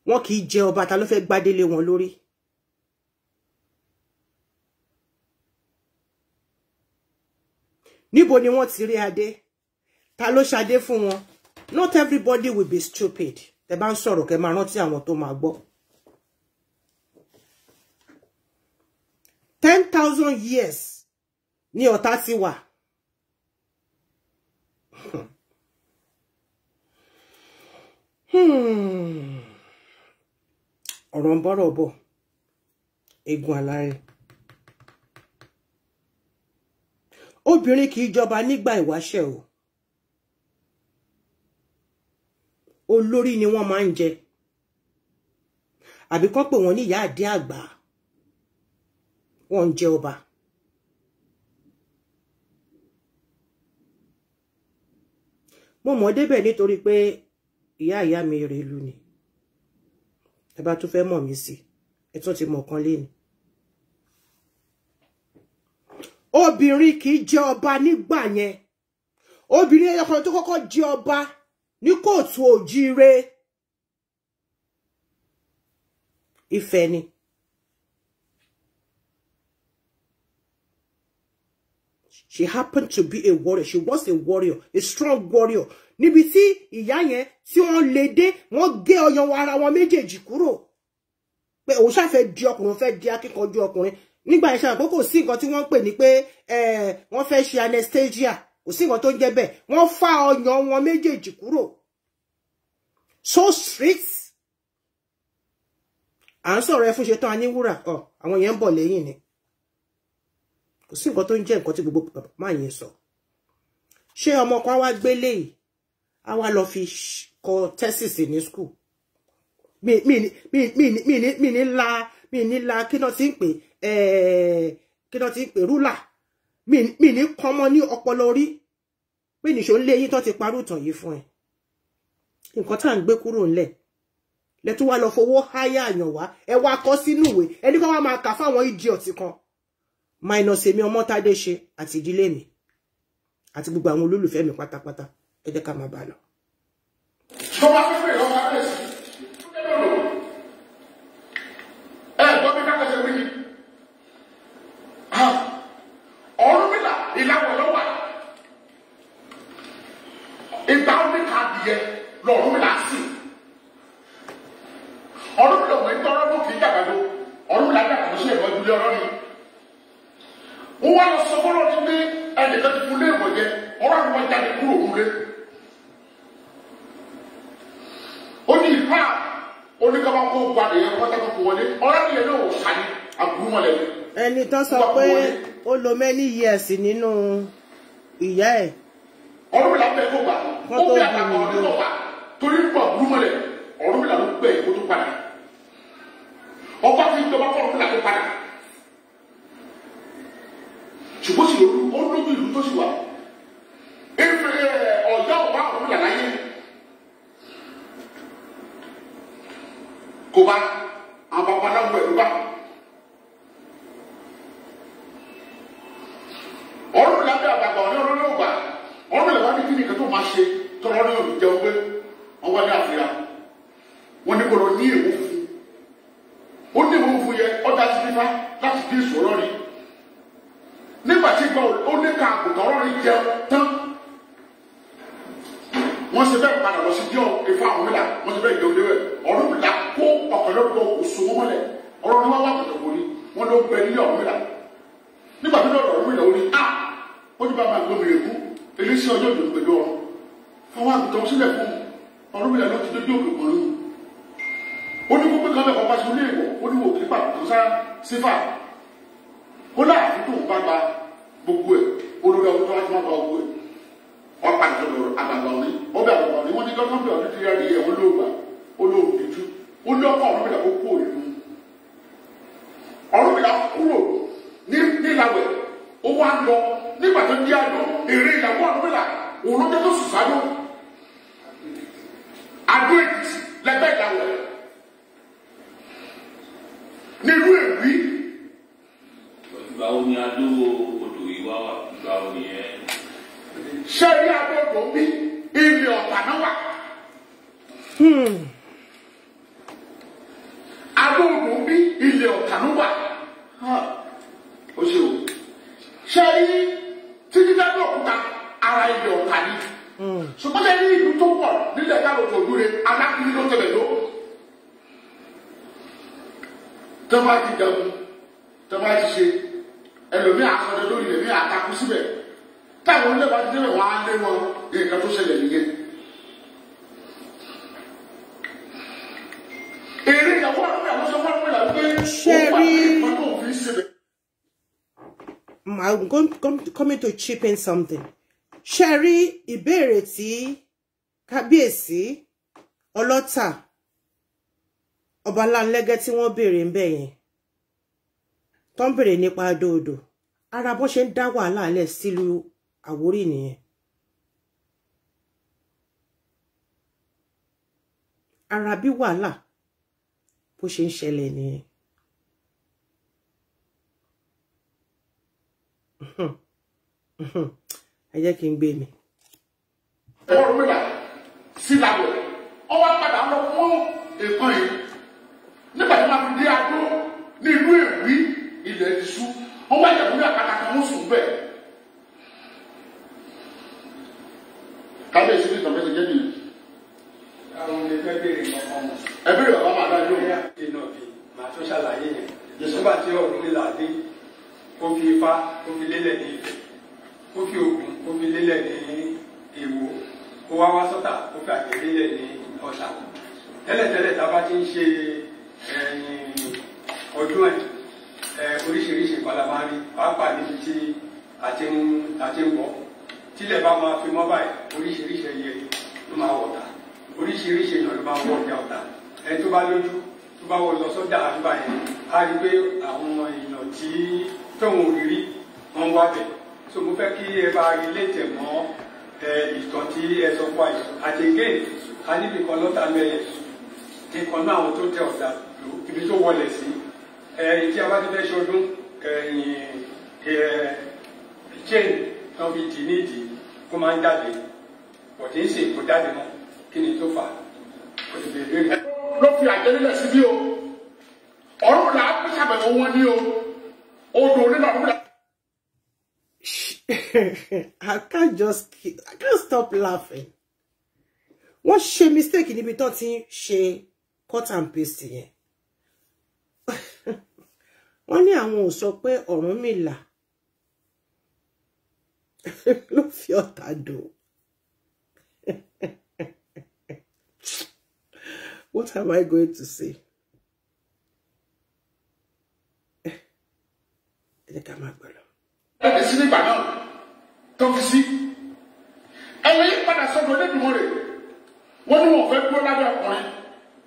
wọn kì í jẹ ọba ta ló fẹ́ gbádélé wọn lórí. níbo ni wọ́n ti rí adé ta ló ṣadé fún wọn not everybody will be stupid tẹ bá ń sọ̀rọ̀ kẹ máa rántí àwọn tó máa gbọ́. ten thousand years ni ọ̀tá ti wà. Hmm. ọ̀rọ̀ ń bọ́rọ̀ bọ̀ egun aláre. obìnrin kì í jọba nígbà ìwáṣẹ̀ o. olórí ni wọ́n máa ń jẹ àbí kán pè wọ́n ní ìyá àdé àgbà wọ́n ń jẹ ọba. mo mọ̀ débẹ̀ nítorí pé ìyá ìyá mi rè lu ni ẹ bá tún fẹ́ mọ̀ mí sí ẹ tún ti mọ̀ kan léni. obìnrin kì í jẹ ọba nígbà yẹn obìnrin ẹyọkan tó kọ́kọ́ jẹ ọba ní kóòtù òjíire Ifẹ̀ ni. She happened to be a warrior. She was a warrior, a strong warrior. Níbi tí ìyá yẹn tí wọ́n lè dé, wọ́n gé ọyàn ara wọn méjèèjì kúrò. Pé òun ṣá fẹ́ di ọkùnrin, fẹ́ di akíkanjú ọkùnrin. Nígbà yẹn ṣá kò sí nǹkan tí wọ́n pè ní pé eh wọ́n fẹ́ ṣe anesthesia kò sí nǹkan tó ń jẹ́ bẹ́ẹ̀ wọ́n fá ọyàn wọn méjèèjì kúrò so street à ń sọ̀rọ̀ ẹ fún ṣetán aníwúrà ọ àwọn yẹn ń bọ̀ lẹ́yìn ni kò sí nǹkan tó ń jẹ́ nǹkan tí gbogbo máa yẹn sọ ṣé ọmọ kan wá gbélé yìí á wá lọ fi kọ thesis ní school mi mi mi mi mi la mi la kí náà ti ń pè eh, kí náà ti ń pè rúlà mi ní kọ́mọ ní ọpọlọ rí pé nìṣó ń lé yín tó ti parú tàn yìí fún ẹ nǹkan tá à ń gbé kúrò ńlẹ̀ lẹ tún wá lọ fowó háyà àyàn wá ẹ wá kọ we ìwé ẹni kan wá máa kà fáwọn ìdí ọtí kan minus èmi ọmọ tádé ṣe àti ìdílé mi àti gbogbo àwọn olólùfẹ́ mi pátápátá ẹ jẹ́ ká máa bá a lọ.
tó bá fẹ́ bẹ̀rẹ̀ ọba ẹ̀ lọ́rùn láàsì ọdún lọ́wọ́ ẹgbẹ́ ọlọ́dún kì í dàgbàdo ọdún lájà kò sí ẹ̀rọ ìdílé ọlọ́ni. wọ́n wá lọ sọ fọ́lọ́ ní pé ẹnìkan ti fún léèwọ̀ jẹ ọ̀rọ̀ àwọn ọjà ní kúrò òun lé. ó ní ìfá oníkàwá kó gbàdé yẹn pátákó kó wọlé ọlọ́dún yẹn náà wò sáré àbúrúmọ̀lẹ́
ẹni tán sọ pé ó lo many years nínú ìyá ẹ̀.
ọdún mìíràn bẹ́ẹ̀ kó gbà ó bí àtàkùn ọdún náà wà torí nípa burú mọ́lẹ̀ ọ̀rọ̀ mìíràn ló gbẹ ìbò tó padà ọba fi jọba kọ́ ọ̀rọ̀ mìíràn tó padà ṣùgbọ́n sì lóru ó lójú ìlú tó sì wà ọ̀yá ọba ọ̀rọ̀ mìíràn láyé kò bá àwọn bàbá náà gbẹ̀rù bá. ọ̀rọ̀ mìíràn bí àgbàgbà ọ̀rọ̀ ló gbà ọ̀rọ̀ mìíràn wá ní kí ni kí n tó máa ṣe tọ́lọ́ ní òun jẹun pé ọwọ́ ní àfíà wọ́n ní kòrò ní èwo fún ó ní èwo fún yẹ ọjà ti nípa láti dín ìṣòro rí nígbà tí gbọ́ ó ní ká àgùntàn ọ̀rọ̀ rí jẹ tán wọ́n ṣe bẹ́ẹ̀ padà lọ sí díọ̀ ìfọ̀ àwọn mìlá wọ́n ṣe bẹ́ẹ̀ jẹun lẹ́wẹ̀ ọ̀rọ̀ mìlá kó ọ̀pọ̀lọpọ̀ oṣù mọ́lẹ̀ ọ̀rọ̀ ni wọ́n wá pẹ̀tẹ̀ wò ni wọ́n ló gbẹ nílé ọ̀rọ̀ mìlá nígbà tó lọ́rọ̀ mìlá ó ní a ah! ó ní bàbá àgbọ̀mìrèkú eléṣẹ́ ọjọ́ ìdòdò pẹ̀lú ọ̀rọ̀ fọwọ́ àgùntàn sílẹ̀ fún ọdún mìíràn lọ́ọ́ ti dójú olùkọ́ yìí ó ní gbogbo kan lẹ́kọ̀ọ́ pàṣẹ olú èèwọ̀ ó ní wò kí pàtó tó sá sífà ó láàfin tó ń bá gba gbogbo ẹ̀ olùdó àwọn tó wá tó má gba gbogbo ẹ̀ wọ́n pa ìjọba àgbàgbà òní ọbẹ̀ àgbàgbà òní wọ́n ní gọ́ọ̀mù ọdún ti rẹ́ẹ̀dì ẹ̀ olóògbà olóògbìjú ó ní ọkọ̀ ọdún mìíràn kó kó ìlú ọdún mìíràn kúrò nílàwẹ̀ ó wá lọ nígbà tó di àjọ èrè ìyàwó ọdún mìíràn òun ló dé tó sùn sáyọ́ adúlẹ̀ lẹ́gbẹ́ ìyàwó nínú èwì. ìgbà wo ni adówó odò ìwá wà ìgbà wo ni ẹ. ṣé ní agbègbè mi ilé ọ̀tà náà wà. Hmm. agbègbè mi ilé ọ̀tà náà wà. ó ṣe o. ṣé ní títí dábò òkúta ara ilé ọ̀tà ni ṣùgbọ́n lẹ́yìn ìlú tó pọ̀ nílẹ̀ káàró kò lóore alákùnrin ló tẹ̀lé ló. tẹ́ bá ti dẹ̀kun tẹ́ bá ti ṣe ẹlòmíì àkọọ́dẹ lórí ẹ̀mí àtakú síbẹ̀ táwọn ilé wa ti débẹ̀ wọ́n á lé wọn nǹkan tó ṣẹlẹ̀ nìyẹn. èrè ìyàwó àwọn àwọn sọ fún àwọn pé ó wà ní ìpàdé òfin síbẹ̀.
I'm going, to come to chip in something. Sherry rí ìbéèrè tí kábíyèsí ọlọ́tà ọba láńlẹ́gẹ́ tí wọ́n béèrè ń bẹ̀ yẹn tó ń béèrè nípa dòdò ara bó ṣe ń dá wàhálà lẹ̀ sílùú Àwórì nìyẹn ara bí wàhálà bó ṣe ń ṣẹlẹ̀ nìyẹn. Mm-hmm. Mm-hmm ẹ jẹ́ kí n gbé mi.
ẹ̀rọ mi là sílàbọ̀ ọwọ́ padà lọ fún èkó yìí
nígbà tí wọ́n fi dé agbó
ní inú èrí ilẹ̀ ìṣú wọ́n wá ìyàwó ní àkàtà kan wọ́n sùn bẹ́ẹ̀. kábíyèsí ní ìtọ́jú ẹ̀jẹ̀ bíi.
àwọn ẹgbẹ́ bèrè kankan mọ̀. ẹ bèrè bàbá máa dájú. ní àti náà fi màá tún ṣàlàyé yẹn. yẹsùn bá ti ọ̀run nílà dé kó fi ifá kó fi lélẹ̀ ní ìfẹ́ ó fi ògùn ó fi lélẹ̀ ní èwo ó wá wá sọ́tà ó fi àgbẹ̀ lélẹ̀ ní ọ̀sà tẹ́lẹ̀tẹ́lẹ̀ tá a bá ti ń ṣe ọdún ẹ̀ oríṣiríṣi ìpalàmà rí pàápàá níbi tí àti ń àti ń bọ̀ tílẹ̀ bá máa fi mọ́ báyìí oríṣiríṣi ẹyẹ ló máa wọ̀ ta oríṣiríṣi èèyàn ló máa wọ ọjà ọ̀tà ẹ tó bá lójú tó bá wọ lọ sọ́dà àdúgbà yẹn á rí pé àwọn èèyàn tí tóun ò rí rí wọ́n wá bẹ̀ so mo fẹ́ kí ẹ bá ilé tẹ̀ mọ́ ìtàn tí ẹ sọ fún àyè àti again a níbi kan lọ́ta mẹ́yẹ nìkan náà àwọn tó tẹ ọ̀dà lò ibi tó wọlé sí ìdí abájúfẹ́ ṣọdún chain náà fi dì ní ìdì kó máa ń jáde bọ̀dé ń ṣe kò jáde mọ́ kí ni tó fà kò lè bèèrè rẹ̀. ló fi àjẹlélẹ̀ sí
bí o ọ̀rùn là á pèsè àbẹ̀wò wọn ní o odò onígbà púpọ̀.
I can't just keep, I can't stop laughing. What she mistake in tán ti she cut and paste yẹn. Wọ́n ní àwọn ò or pé Ọ̀rúnmìlà ló fi ọ̀tá dò. What am I going to say?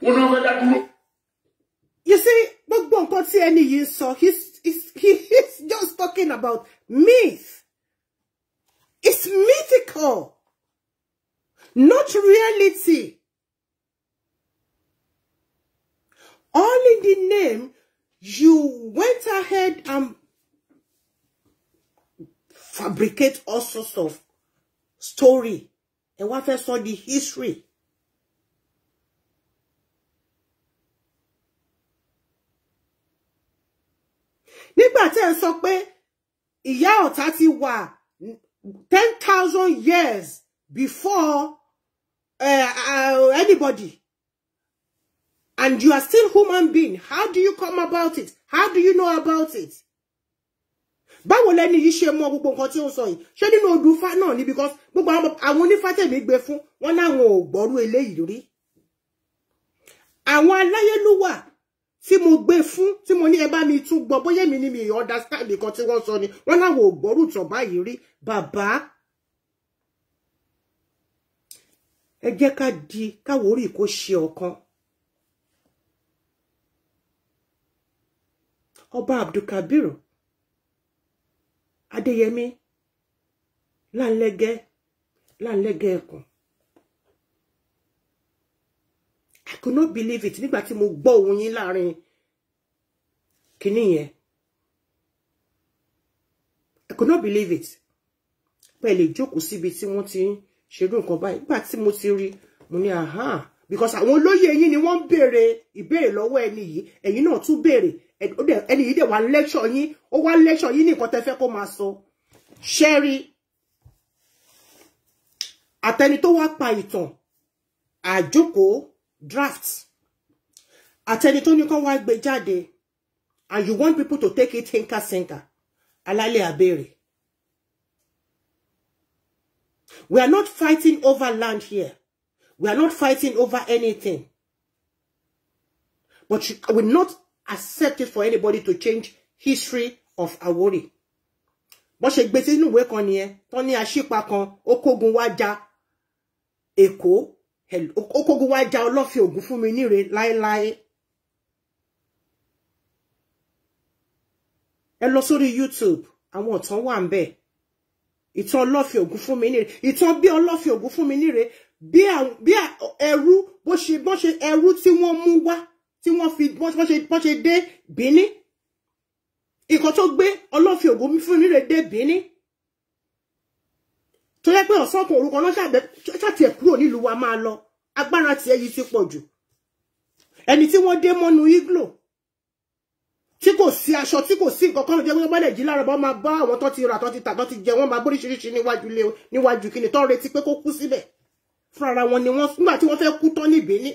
You see, but dá dúró. you
see any nǹkan sọ he's he's he's just talking about myth it's mythical not reality all in the name you went ahead and fabricate all sorts of story and what I saw the history. nígbà tẹ́ ẹ sọ pé ìyá ọ̀tá ti wà ten thousand years before uh, uh, anybody and you are still human being how do you come about it how do you know about it báwo lẹni yìí ṣe mọ gbogbo nǹkan tí ó ń sọ yìí ṣé nínú odùfá náà ni because gbogbo àwọn onífá tèmi gbé fún wọn láwọn ò gbọ́rú eléyìí rí àwọn aláyélúwà tí mo gbé fún tí mo ní ẹ bá mi tún gbọ́ bóyá mi ni mi understand nǹkan tí wọ́n sọ ni wọ́n láwọn ò gbọ́rù tàn báyìí rí bàbá ẹ jẹ́ ká di káwọ orí kó ṣe ọ̀kan ọba abdulkabir adéyẹmí láńlẹgẹ láńlẹgẹ ẹkùn could not believe it nígbà tí mo gbọ́ ohùn yín láàrin kinní yẹn I could not believe it pẹ́ lè jókòó síbi tí wọ́n ti ń ṣerú nǹkan báyìí nígbà tí mo ti rí mo ní àhá because àwọn olóyè yín ni wọ́n ń béèrè ìbéèrè lọ́wọ́ ẹni yìí ẹ̀yin náà tún béèrè ẹni yìí dẹ̀ wá lẹ́ṣọ̀ yín ó wá lẹ́ṣọ̀ yín ní nǹkan tẹ́ fẹ́ kó máa sọ ṣẹ́rí to tó wá pa ìtàn àjókòó draft àtẹni tó ní kán wá gbé jáde and you want people to take it hinka sinker alálẹ̀ àbèrè. We are not fighting over land here. We are not fighting over anything. But you will not accept it for anybody to change history of Awori. Wọ́n ṣe gbé sínú ìwé kan nìyẹn, tán ní aṣípa kan, ó kógun wá ja Èkó okógun wá já ọlọ́fẹ́ ògún fún mi níre láéláé ẹ lọ sórí YouTube àwọn ọ̀tán wà ń bẹ̀ ìtàn ọlọ́fẹ́ ògún fún mi níre ìtàn bí ọlọ́fẹ́ ògún fún mi níre bí ẹrú bó ṣe bó ṣe ẹrú tí wọ́n mú wá tí wọ́n fi bó ṣe dé Bìíní ìkan tó gbé ọlọ́fẹ́ ògún fún mi níre dé Bìíní tó yẹ pé ọ̀sán kan orúkọ náà ṣàtì ẹ̀ kúrò nílùú wa máa lọ agbára tiẹ̀ yìí ti pọ̀ jù ẹni tí wọ́n dé mọ́nu igloo tí kò si aṣọ tí kò sí nǹkan kan jẹ́ ba, bọ́lẹ̀ jí lára bọ́ máa bá àwọn tó ti rà tó ti tà tó ti jẹ wọ́n máa bóríṣiríṣi níwájú ilé níwájú kí ni tó ń retí pé kó kú síbẹ̀ fúnra ara wọn ni wọ́n nígbà tí wọ́n fẹ́ kú tán níbí ní.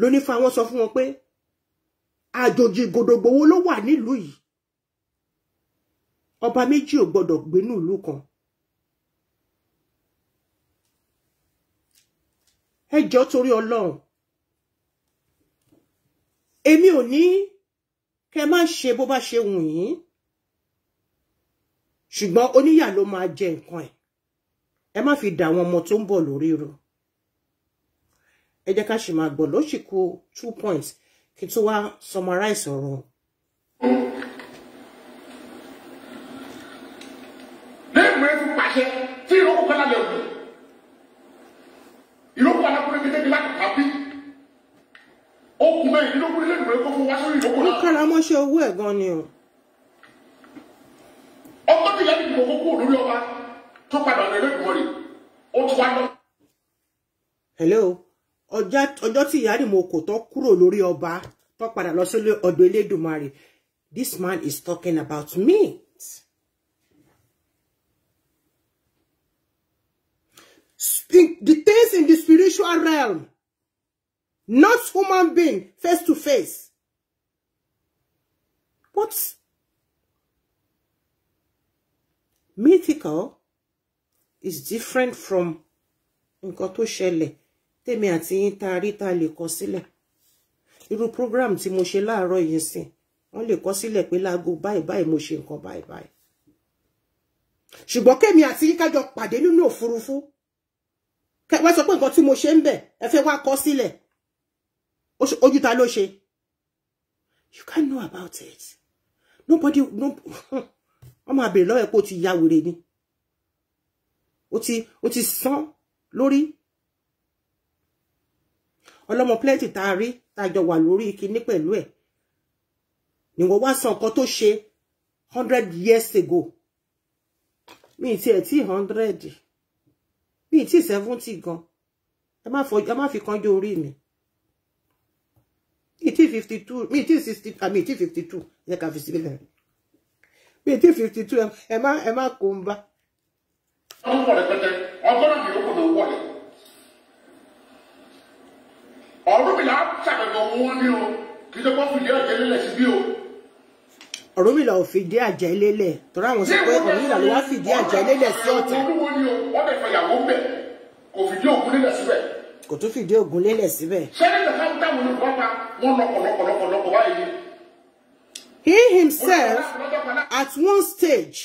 lónífà wọn sọ fún wọn pé àjòjì gòdògbò wo ló wà nílùú yìí ọba méjì ò gbọdọ̀ gbénú ìlú kan ẹ jọ̀ọ́ torí Ọlọ́run èmi ò ní kẹ́ má ṣe bó bá ṣe wù yín ṣùgbọ́n oníyà ló máa jẹ nǹkan ẹ̀ ẹ má fi dà àwọn ọmọ tó ń bọ̀ lórí ro ẹ jẹ́ ká sì máa gbọ́ ló two points kí n tó wá summarize ọ̀rọ̀. mẹ́rìndínlógún ilé ni o.
ọgọ́dì yẹn ni ìgbòho kú lórí ọba tó padà lọ ilé ìgbòho rẹ̀ ó ti wá lọ.
hello ọjọ́ tí ìyá Ìmọ̀kò tó kúrò lórí ọba tó padà lọ sí ọ̀dọ̀ Elédùmarè this man is talking about me. The things in the spiritual realm not human being face to face. What? Mythical is different from nǹkan tó ṣẹlẹ̀ tèmi àti yín tá a rí tá a lè kọ program tí mo ṣe láàárọ̀ yìí sìn, wọ́n lè kọ sílẹ̀ pé láago báyìí báyìí mo ṣe nǹkan báyìí báyìí. Ṣùgbọ́n kémi àti yín kájọ pàdé nínú òfurufú. Kẹ́ wá sọ pé nǹkan tí mo ṣe ń bẹ̀, ẹ fẹ́ wá kọ ojú ta ló ṣe you can't know about it nobody no wọ́n máa bèrè lọ́wọ́ ẹ̀ pé ti ya wèrè ni o ti o ti sán lórí ọlọ́mọ plenty tá a rí tá a jọ wà lórí kinní ni wọ́n wá sọ nǹkan tó ṣe hundred years ago mi ti ẹ̀ tí hundred mi ti seventy gan ẹ má fi kánjú orí mi tí fifty two mi sixty two fifty two ẹ kà fi sílẹ̀ náà mi fifty two ẹ má ẹ má kó ń bá.
wọ́n wọ̀ rẹpẹtẹ wọ́n gbọ́dọ̀ mi yòókù ló wọ̀ yìí ọ̀rúnmìlà wọn ní o kì í ṣe kó fìdí ọ̀jẹ̀ lélẹ̀ sí bí o.
ọ̀rúnmìlà ò fìdí àjẹ́ lélẹ̀ àwọn sọ pé ọ̀rúnmìlà ló wá fìdí àjẹ́ lélẹ̀ sí ọ̀tẹ̀.
ọ̀rúnmìlà ò fìdí àjẹ́ lélẹ̀ sí
kò tún fìdí ògùn lélẹ̀ síbẹ̀.
sẹ́yìn lọ́kàn táwọn olùkọ́ pa wọ́n lọ́kọ̀lọ́kọ̀lọ́kọ̀ wáyé He himself
at one stage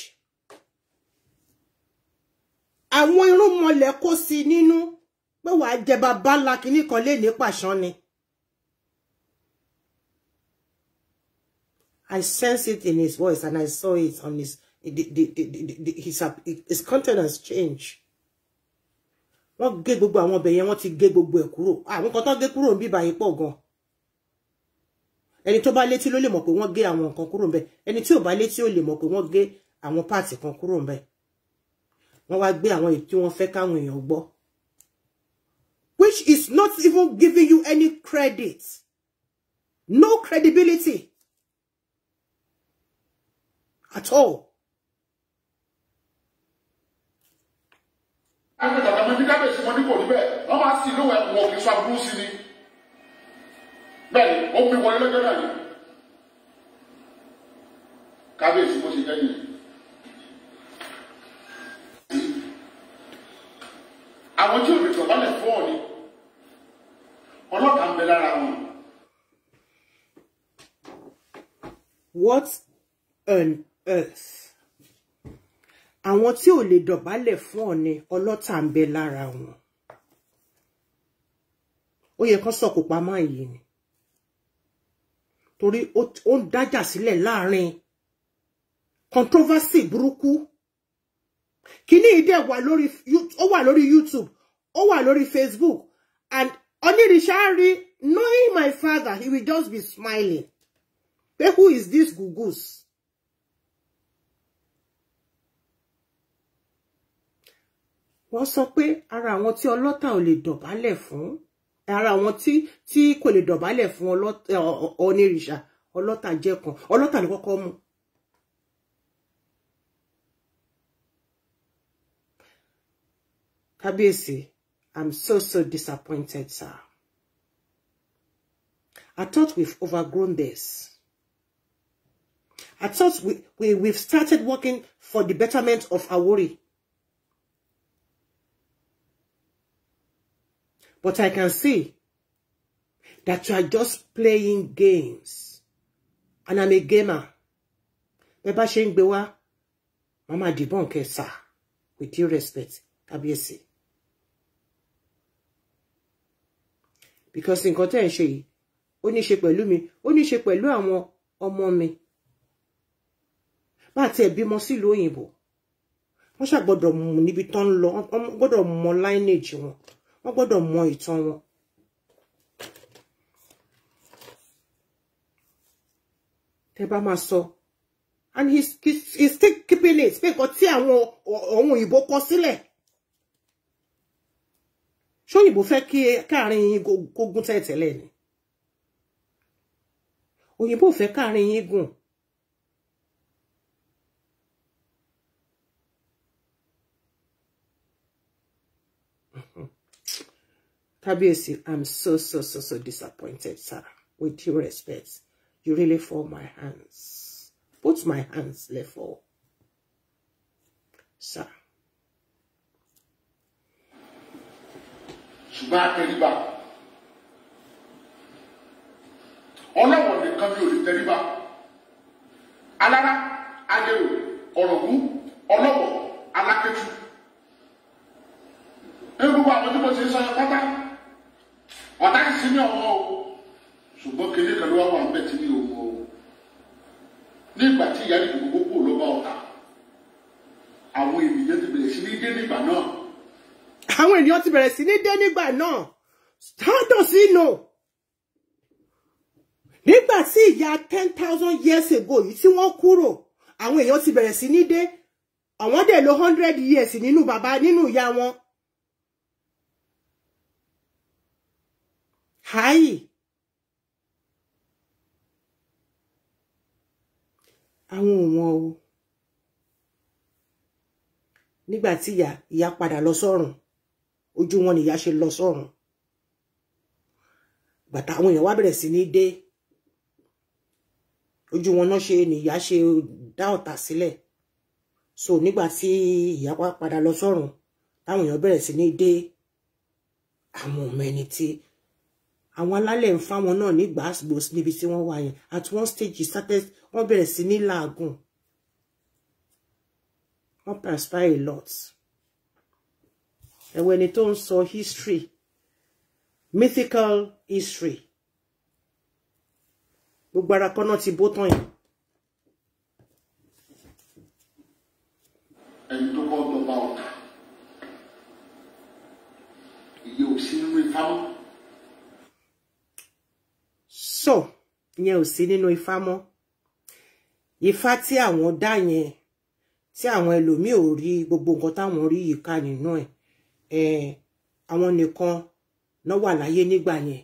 àwọn irúnmọlẹ̀ kó sí nínú pé wàá jẹ bàbá ńlá kínní kan lé ní pàṣán ni. I sense it in his voice and I saw it on his the, the, the, the, the, his, his countenance change wọ́n gé gbogbo àwọn ọbẹ̀ yẹn wọ́n ti gé gbogbo ẹ̀ kúrò àwọn kan tó gé kúrò ń bí ìbàyè gan ẹni tó bá létí ló lè mọ̀ pé wọ́n gé àwọn nǹkan kúrò ń bẹ̀ ẹni tí ò bá létí ó lè mọ̀ pé wọ́n gé àwọn kan kúrò ń bẹ̀ wọ́n wá gbé àwọn èyí tí wọ́n fẹ́ káwọn èèyàn which is not even giving you any credit no credibility at all.
ẹgbẹ́ tàbí ẹgbẹ́ bí kábíyèsí wọn ní kò rí bẹ́ẹ̀ wọ́n máa sì lówó ẹ̀wọ̀n kì í sọ àbúrú sí ni bẹ́ẹ̀ ó mi wọlé lọ́jọ́ náà ni kábíyèsí bó ṣe jẹ́ yìí. àwọn tí òbí tọ̀bálẹ̀ fún ọ ni ọlọ́kàá ń bẹ lára wọn.
What on earth? àwọn tí ò lè dọ̀bálẹ̀ fún Ọọ̀ni ọlọ́tà ń bẹ lára wọn ó yẹ kán sọ̀kò pamọ́ yìí ni torí ó ń dájà sílẹ̀ láàrin controversy burúkú kíní ìdẹ wà lórí ó wà lórí YouTube ó wà lórí Facebook and onírìṣàárí knowing my father he will just be smiling pé who is this gugus wọ́n sọ pé ara àwọn tí ọlọ́tà ò lè dọ̀bálẹ̀ fún ara àwọn tí tí kò lè dọ̀bálẹ̀ fún onírìṣà ọlọ́tà jẹ́ kan ọlọ́tà ló kọ́kọ́ mú. kábíyèsí I'm so so disappointed sir. I thought we've overgrown this. I thought we, we, we've started working for the betterment of Awori. But I can see that you are just playing games. And I'm a gamer. Bẹ́bá ṣe ń gbé wá, màmá with due respect, kábíyèsí. Because in tẹ́ ẹ̀ ń ṣe yìí, ó ní ṣe pẹ̀lú mi, ó ní ṣe pẹ̀lú àwọn ọmọ mi. Bá àti ẹ̀ bímọ sílùú òyìnbó, wọ́n ṣàgbọ́dọ̀ mú níbi tán ń lineage wọn wọ́n gbọ́dọ̀ mọ ìtàn wọn tẹ́ bá máa sọ and he's, he's, still keeping it pé nǹkan tí àwọn ohun òyìnbó kọ sílẹ̀ ṣóyìnbó fẹ́ kí káàrin yín kó gún tẹ́tẹ́lẹ̀ ni òyìnbó fẹ́ káàrin yín gùn Kábíyèsí, I'm so, so, so, so disappointed, Sarah. With due respect, you really fall my hands. Put my hands
left fall. Sir. Ṣùgbọ́n àtẹríba. Ọlọ́wọ̀n nìkan mi ò lè tẹríba. Alára, Adéwò, Ọ̀rọ̀gún, Ọlọ́wọ̀, Alákẹ́tù ọ̀dà sì ní ọwọ́ o ṣùgbọ́n kéde kan ló wá wà níbẹ̀ tí ní òun o ní ìgbà tí ìyá ìdìbò gbogbo ló bá ọ̀tá àwọn ènìyàn ti bẹ̀rẹ̀ sí ní dé nígbà náà.
àwọn ènìyàn ti bẹ̀rẹ̀ sí ní dé nígbà náà standard sí no nígbà tí ìyá ten thousand years ago yìí tí wọ́n kúrò àwọn èèyàn ti bẹ̀rẹ̀ sí ní dé àwọn dẹ̀ lò hundred years nínú bàbá nínú ìyá wọn háì àwọn òwọn o nígbà tí ìyá ìyá padà lọ sọ́run ojú wọn ni ìyá ṣe lọ sọ́run bàtà àwọn ni ìyá ṣe dá ọ̀tá so nígbà tí ìyá padà lọ sọ́run táwọn èèyàn bẹ̀rẹ̀ sí ní dé àwọn alálẹ̀ ń fáwọn náà ní gbàásùgbòs níbi tí wọ́n wà yẹn at one stage he started wọ́n bẹ̀rẹ̀ sí ní làágùn wọ́n perspire a lot ẹ̀wọ̀ ẹni tó ń sọ history mythical history gbogbo ara kọ́nà ti bó tán yìí.
ẹni tó kọ́ ọ́ lọ́ba ọ̀tá iye òsínú ìfáwọn
picture yẹn ò sí nínú ifá mọ́ ifá tí àwọn dá yẹn tí àwọn ẹlòmíì ò rí gbogbo nǹkan táwọn rí yìí ká nínú ẹ̀ àwọn nìkan náà wà láyé nígbà yẹn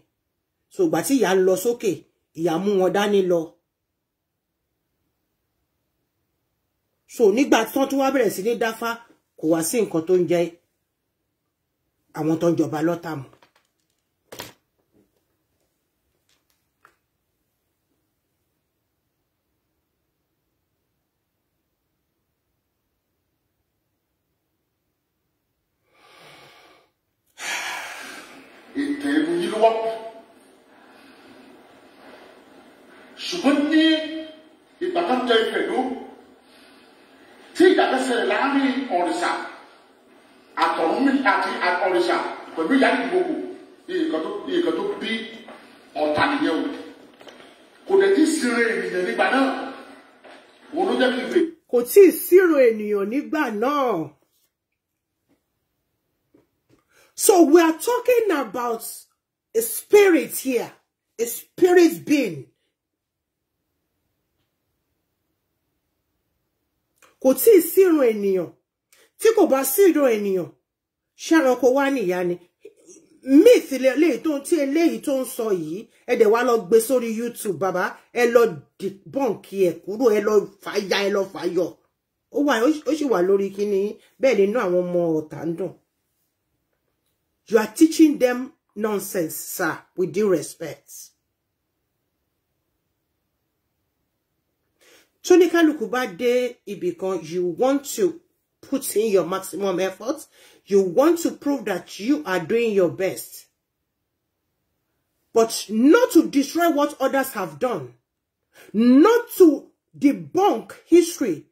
so ìgbà tí ìyá ń lọ sókè ìyá mú wọn dání lọ so nígbà tí wọ́n tún wá bẹ̀rẹ̀ sí ní dáfá kò wá sí nǹkan tó ń jẹ àwọn tó ń jọba lọ́tà So we are talking about a spirit here, a spirit being. Kò tí ì sírun ènìyàn, tí kò bá sírun ènìyàn, ṣẹ́ranko wá nìyá ni. Myth eléyìí tó ń tí eléyìí tó ń sọ yìí, ẹ dẹ̀ wá lọ gbé sórí YouTube bàbá, ẹ lọ dìbọ̀nkì ẹ̀ kúrò, ẹ lọ fàáyà, ẹ lọ fàáyọ̀. Ó sì wà lórí kíní, bẹ́ẹ̀ nínú àwọn ọmọ ọ̀tá ń dùn. You are teaching them nonsense, sir, with due respect. Tóníkálùkù day, it because you want to put in your maximum effort. You want to prove that you are doing your best. But not to destroy what others have done. Not to debunk history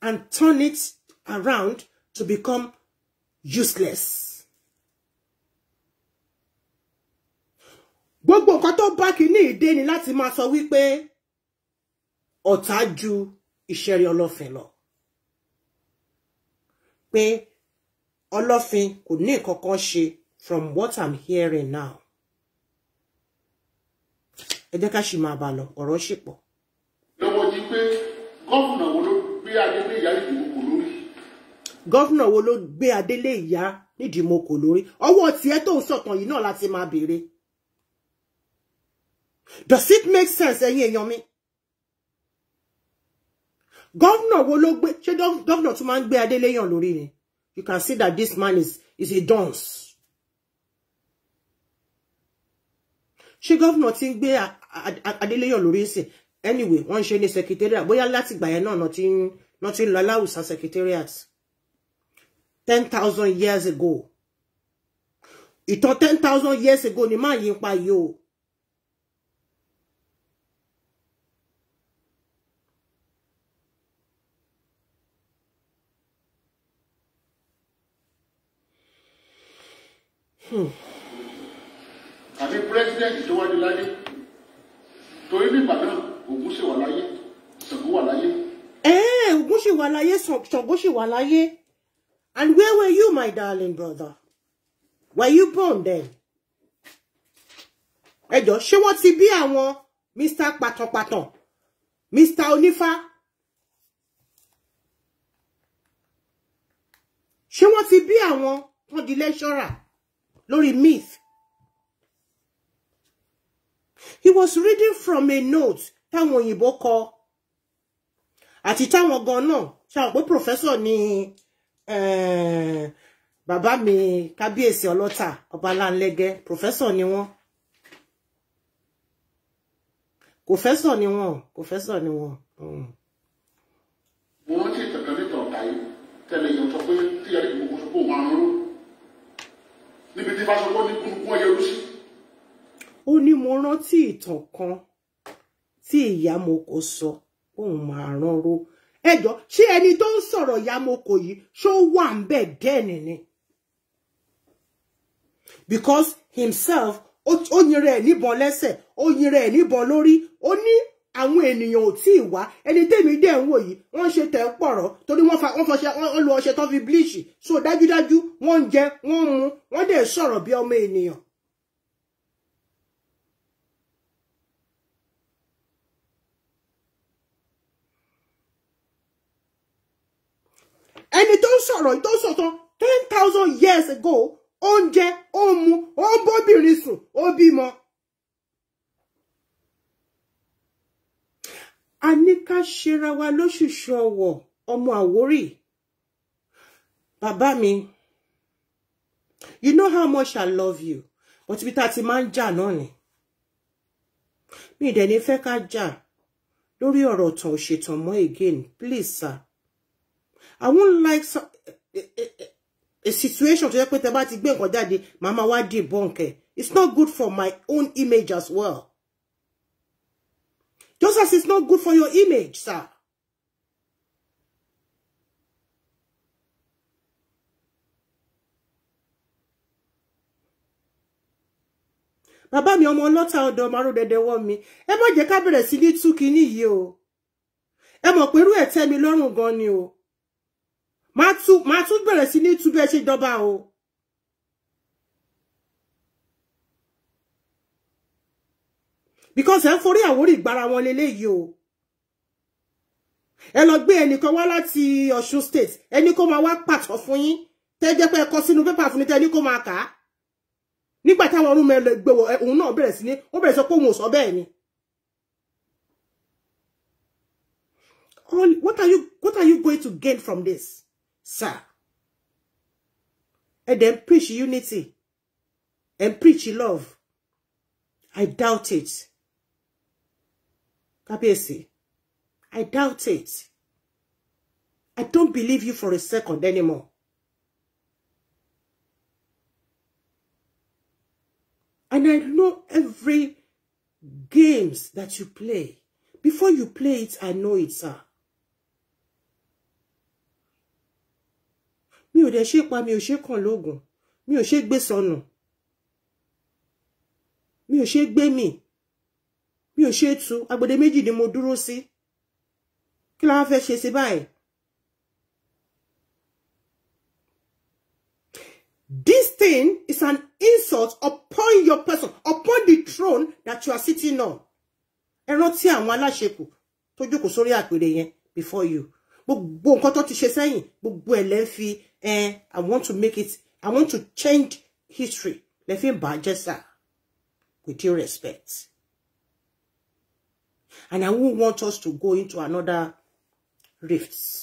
and turn it around to become useless. gbogbo nǹkan tó bá kíní ìdé ni láti máa sọ wípé ọ̀tá ju ìṣẹ̀rí ọlọ́fin lọ pé ọlọ́fin kò ní ìkankan ṣe from what i'm hearing now ẹ jẹ́ ká ṣì máa bá lọ ọ̀rọ̀ ṣì pọ̀.
lọ́wọ́ ti pé gómìnà wo ló gbé adélé ìyá ìdìbò
kò lórí. gómìnà wo ló gbé adélé ìyá nídìí mo kò lórí ọwọ́ tiẹ̀ tó ń sọ̀tàn yìí náà láti máa béèrè does it make sense ẹ̀yin eh, èèyàn mi governor wo ló gbé ṣé governor tún máa ń gbé Adéléyàn lórí ni you can see that this man is is a dunce She governor ti ń gbé Adéléyàn lórí sí anyway wọ́n ń ṣe ní secretariat bóyá láti ìgbà yẹn náà ti Nothing. lọ ti ń lọ aláwùsá secretariat ten thousand years ago ìtàn ten thousand years ago ni man yí pa yìí
Hmm. àbí pírẹsidẹ́ǹtì tó wájú láyé torí nígbà náà Ògún ṣì wà láyé Ṣàngó wà láyé.
Eh, Ògún ṣì wà láyé Ṣàngó ṣì wà láyé and where were you my darling brother were you born then. ẹjọ ṣé wọ́n ti bí àwọn Mr Pàtànpàtàn Mr Onífá ṣé wọ́n ti bí àwọn tó di lẹ́ṣọ́ra lórí myth he was reading from a note táwọn òyìnbó kọ àti táwọn gan náà ṣàwọn pé professor ni eh, bàbá mi kábíyèsí ọlọ́tà ọbaláńlẹ́gẹ́ professor ni wọ́n professor ni wọ́n professor ni wọ́n. Hmm.
mo rántí ìtẹ̀kẹ́ nítorí ọ̀tá yìí pé tíyẹ́rì kò sọ pé òun níbi tí fásokó ní kúnkún ẹyọrú sí.
ó ní mo rántí ìtàn kan tí ìyá moko sọ òun máa ránró ẹjọ ṣé ẹni tó ń sọ̀rọ̀ ìyá moko yìí ṣó wà ń bẹ dẹ́ẹ̀nì ni because himself ó yinra ẹ̀ níbọn lẹ́sẹ̀ ó yinra ẹ̀ níbọn lórí ó ní àwọn ènìyàn ò tí ì wá ẹni tèmi dẹ̀ ń wò yìí wọ́n ṣe tẹ̀ ń pọ̀rọ̀ torí wọ́n fa wọ́n fọṣẹ wọ́n lu ọṣẹ tó fi bílíìṣì so dájúdájú wọ́n ń jẹ wọ́n ń mu wọ́n dẹ̀ sọ̀rọ̀ bí ọmọ ènìyàn. ẹni tó ń sọ̀rọ̀ tó ń sọ̀tàn ten thousand years ago oúnjẹ ó ń mu ó ń bóbìnrin sùn ó bímọ. a ní ká ṣera wa lóṣùṣù ọwọ̀ ọmọ Àwórì bàbá mi you know how much I love you but ibi tá a ti máa ń jà náà ni mi ìdẹ̀ ní fẹ́ ká jà lórí ọ̀rọ̀ ọ̀tàn òṣètàn mọ́ again please sir I won't like some, a, a, a situation to yẹ pé tẹ bá ti gbé nǹkan jáde màá máa wá dìbọn kẹ it's not good for my own image as well Just as it's not good for your image, sir. bàbá mi ọmọ ọlọ́ta ọ̀dọ̀ maro dẹ̀dẹ̀ wọ́ mi ẹ má jẹ́ ká bẹ̀rẹ̀ sí ní tú kinní yìí o ẹ mọ̀ pé irú ẹ̀ tẹ́ mi lọ́rùn gan ni o má tún bẹ̀rẹ̀ sí ní tú bẹ́ẹ̀ ṣe dọ́ba o. because ẹ ń forí Àwórì ìgbára wọn leléyìí o ẹ lọ gbé ẹnìkan wá láti Ọ̀ṣun state ẹni kó máa wá pàtó fún yín tẹ́ jẹ́ pé ẹ kọ sínú pépà fún ni tẹ́ ní kó máa kà á nígbà táwọn ọdún mẹ́rin gbé òun náà bẹ̀rẹ̀ sí ní ó bẹ̀rẹ̀ sọ pé òun ò sọ bẹ́ẹ̀ ni. What are you What are you going to gain from this, sir? ẹ then preach unity and preach love I doubt it kábíyèsí i doubt it i don't believe you for a second anymore. And I know every games that you play. Before you play it, I know it, sir. Mi o dẹ̀ ṣe pa, mi o ṣe kàn lóògùn. Mi o ṣe gbé sọnù. Mi o ṣe gbé mi mi ò ṣe tu agbede méjì ni mo dúró sí kí la fẹ́ ṣe sí báyìí This thing is an insult upon your person, upon the throne that you are sitting on. Ẹ rántí àwọn aláṣekù tó jókòó sórí àpèrè yẹn before you. Gbogbo nǹkan tó ti ṣe sẹ́yìn, gbogbo ẹ̀ lẹ́ fi eh I want to make it, I want to change history. Lẹ́ fi ń bàjẹ́ With due respect. And I won't want us to go into another rifts.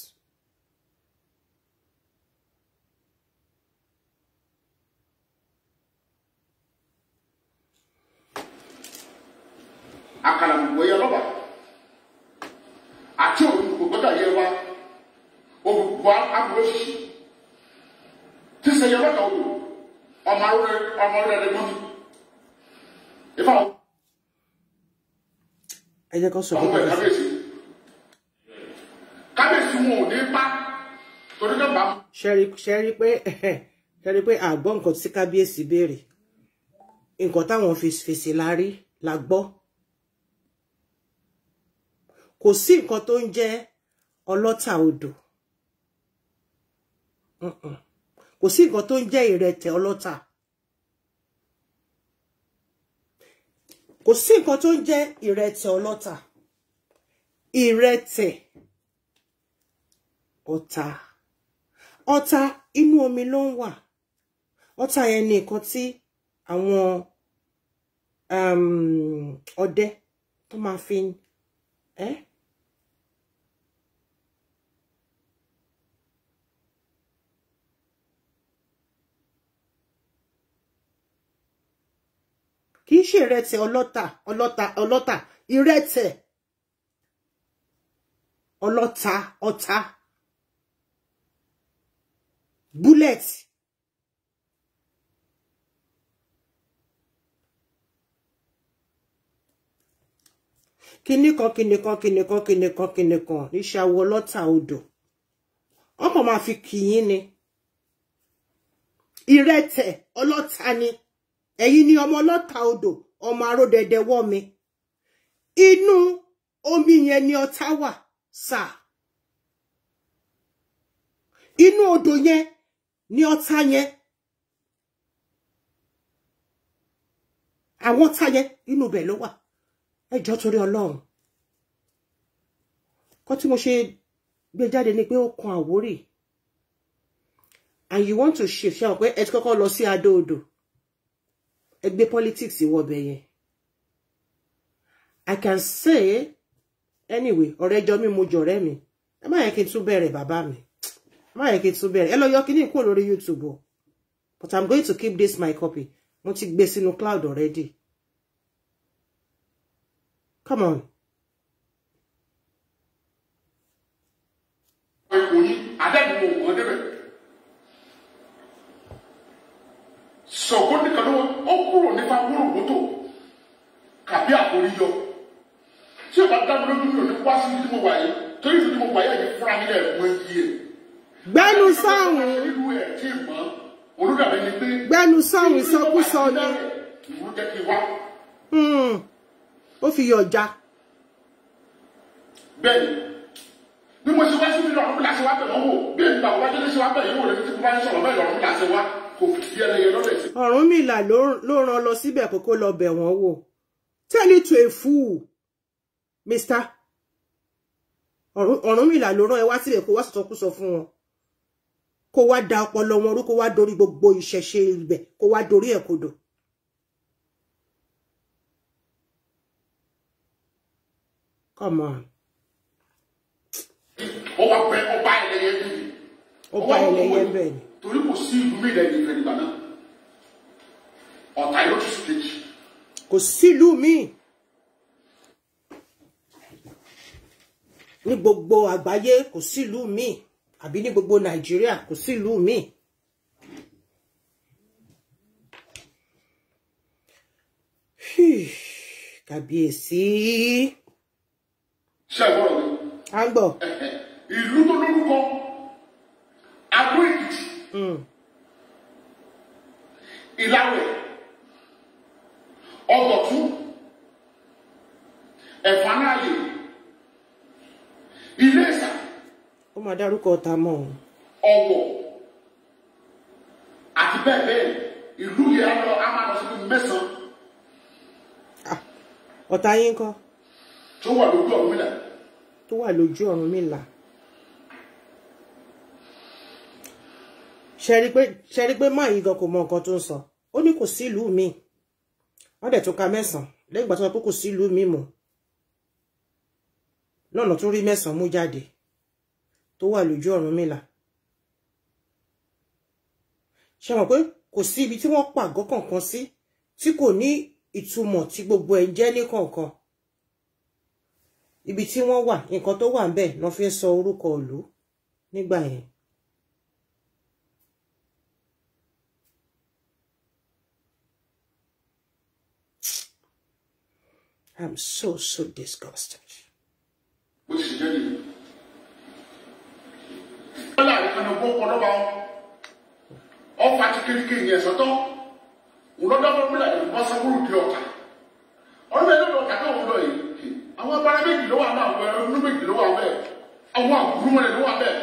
àkàrà gbogbo ẹyẹ lọ́wọ́ àti òun kò gbọ́dọ̀ yẹ wa òun kò aburú ṣíṣí tí sẹ́yẹ lọ́dọ̀ òun ọmọ rẹ ọmọ rẹ lè mọ́ mi ẹ jẹ́ kó sọ pé kábíyèsí kábíyèsí wọn ò ní pa torí náà bá.
ṣe rí pé ṣe rí pé àgbọ́ nǹkan tí kábíyèsí béèrè nǹkan táwọn fèsì la rí la gbọ́ kò sí nǹkan tó ń jẹ́ ọlọ́ta odò kò sí nǹkan tó ń jẹ́ ìrẹtẹ̀ ọlọ́ta. kò sí nǹkan tó ń jẹ́ ìrẹtẹ̀ ọlọ́ta ìrẹtẹ̀ ọ̀tá ọ̀tá inú omi ló ń wà ọ̀tá yẹn ni nǹkan tí àwọn um, ọdẹ tó máa fi ń eh? kì í ṣe ìrẹsẹ̀ ọlọ́ta ọlọ́ta ọlọ́ta ìrẹsẹ̀ ọlọ́ta ọta bullet kìnìkan kìnìkan kìnìkan kìnìkan kìnìkan níṣẹ́ awo ọlọ́ta odò ọmọ máa fi kìyín ni ìrẹtẹ̀ ọlọ́ta ni ẹ̀yin ni ọmọ ọlọ́ta odò ọmọ aródẹdẹ wọ́ mi inú omi yẹn ni ọ̀tá wà sà inú odò yẹn ni ọ̀tá yẹn àwọn ọ̀tá yẹn inú bẹ̀ ló wà ẹjọ́ torí Ọlọ́run kọ́ tí mo ṣe gbé jáde ni pé ó kan Àwórì and you want to shift ṣe hàn pé ẹ ti kọ́kọ́ lọ sí adó odò ẹ gbé politics wọbẹ yẹn i can say anyway ọ̀rẹ́ jọ mí mo jọ̀rẹ́ mi ẹ má yẹ kí n tún bẹ̀rẹ̀ bàbá mi ẹ má yẹ kí n tún bẹ̀rẹ̀ ẹ lọ yọ kíní kúrò youtube but i'm going to keep this my copy mo ti gbé e sínú cloud already come on
kúrò nípa wúrùwútò kàbí àforíyọ tí o bá dábò lójú mi ò ní wá sí ibi tí mo wà yìí torí ibi tí mo wà yìí ẹ̀yìn fúnra mi lẹ̀ mọ iye. gbẹ́nu sọ́hùn. nínú ẹ̀ tí ì mọ́ olùdàbẹ̀ ni pé. gbẹ́nu sọ́hùn ìsọkúsọ ni. ìwúrú jẹ́ kí n wá. Hmm. ó fi yọ̀ ja. bẹ́ẹ̀ni bí mo ṣe wá sí mi lọ́rùn kíláàsì wa bẹ̀ bí èmi bá wájú ní ṣe wá bẹ̀ yìí wò lórí tí mo bá ń sọ̀rọ̀ bẹ́ẹ̀ lọ́rùn kíláàsì wa kò sí ẹlẹyẹ lọ́lẹ̀ sí.
Ọ̀rúnmìlà ló rán lọ síbẹ̀ kókó lọ bẹ̀ wọ́n wò tell it to a fool mister Ọ̀rúnmìlà ló rán ẹ wá síbẹ̀ kó wá sọ̀tọ̀kùsọ fún wọn kó wá da ọpọlọ wọn rú kó wá dorí gbogbo ìṣẹ̀ṣe ibẹ̀ kó wá dorí ẹ̀ kodò. Come on.
ó wá pẹ́ ọba ẹlẹ́yẹ bẹ́ẹ̀ ni. ọba ẹlẹ́yẹ bẹ́ẹ̀ ni torí kò sí ìlú mi ilẹ̀ ìfẹ́ nígbà náà ọ̀tá ìlú tuntun kejì.
kò sí ìlú mi ní gbogbo àgbáyé kò sí ìlú mi àbí ní gbogbo nàìjíríà kò sí ìlú mi. kàbíyèsí. ṣé ẹ gbọ́dọ̀ mi. a ń gbọ́.
ìlú tó lórúkọ. Mm. ìláwẹ̀ ọ̀bọ̀tún ẹ̀fánáàyè iléṣà.
ó máa dárúkọ ọ̀tá mọ́
O ọ̀wọ̀ àti bẹ́ẹ̀ bẹ́ẹ̀ ìlú yẹn á lọ á máa lọ síbi mẹ́sàn-án.
Ah, ọ̀tá yín kọ́.
tó wà lójú ọ̀run mi là.
tó wà lójú ọ̀run mi là. ṣẹ́rí pé ṣẹ́rí pé máa yìí gan kò mọ nǹkan tó ń sọ ó ní kò sí ìlú mi wọ́n dẹ̀ tún ka mẹ́sàn-án lẹ́yìn ìgbà tó sọ pé kò sí ìlú mi mọ́ lọ́nà tó rí mẹ́sàn-án mú jáde tó wà lójú Ọ̀rúnmìlà ṣe mọ̀ pé kò sí ibi tí wọ́n pàgọ́ kọ̀ọ̀kan sí tí kò ní ìtumọ̀ tí gbogbo ẹ̀ ń ní kọ̀ọ̀kan ibi tí wọ́n wà nǹkan tó wà ń bẹ̀ lọ́ fi sọ orúkọ ìlú nígbà yẹn I'm so, so disgusted.
What did you tell you? ọfà ti kékeré yẹn sọtọ ńlọdọgbọn múlẹ ìbọsọgbọrù di ọkà ọdún mẹ́rin lọ kàtà wọn lọ yìí àwọn abara méjì ló wà náà àwọn ẹrọ inú méjì ló wà bẹ́ẹ̀ àwọn àbúrú mọlẹ ló wà bẹ́ẹ̀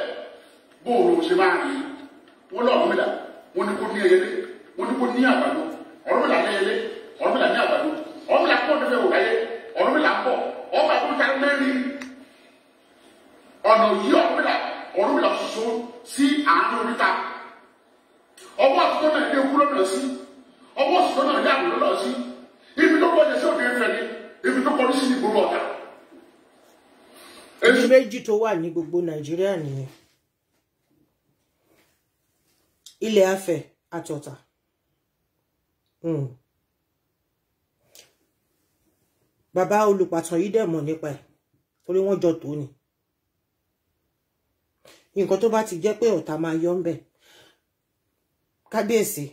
bóòrò ṣe máa rí wọn lọ ọdún mẹ́ta wọn ni kò ní ẹyẹlé wọn ni kò ní àgbàdo ọdún mẹ́ta ní ẹyẹlé ọdún mẹ́ta ní àgbàdo ọdún mẹ́ta kó ọdún mẹ́ta wò láyé ọ̀rúnmìlà ń bọ̀ ọba àbújá mẹ́rin ọ̀nà yí ọ̀rúnmìlà ọ̀rúnmìlà soso sí àánú níta ọwọ́ àtúntò náà ilé ọwọ́ àtúntò náà ilé àwòrán náà sí ibi tó kọjá
wa gbogbo ilẹ̀ afẹ́ Baba olùpàtàn yìí dẹ̀ mọ̀ nípa ẹ̀ torí wọ́n jọ tó ni nǹkan tó bá ti jẹ́ pé ọ̀tá máa yọ ń bẹ̀ kábíyèsí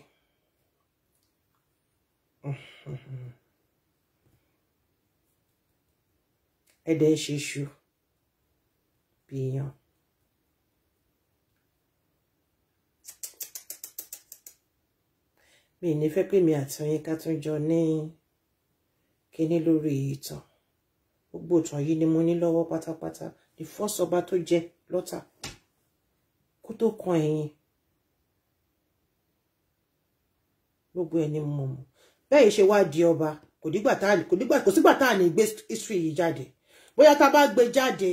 ẹ̀dẹ̀ ń ṣe iṣu bí yan. mi ní fẹ́ pé mi àti oyin ká tún jọ ní kíní lórí ìtàn gbogbo ìtàn yìí ni mo ní lọ́wọ́ pátápátá ní fọ́sọba tó jẹ lọ́tà kó tó kan ẹ̀yìn gbogbo ẹ̀ ni mo mọ̀ bẹ́ẹ̀ ṣe wá di ọba kò dígbà sígbà tá à ní gbé history yìí jáde bóyá tá a bá gbé jáde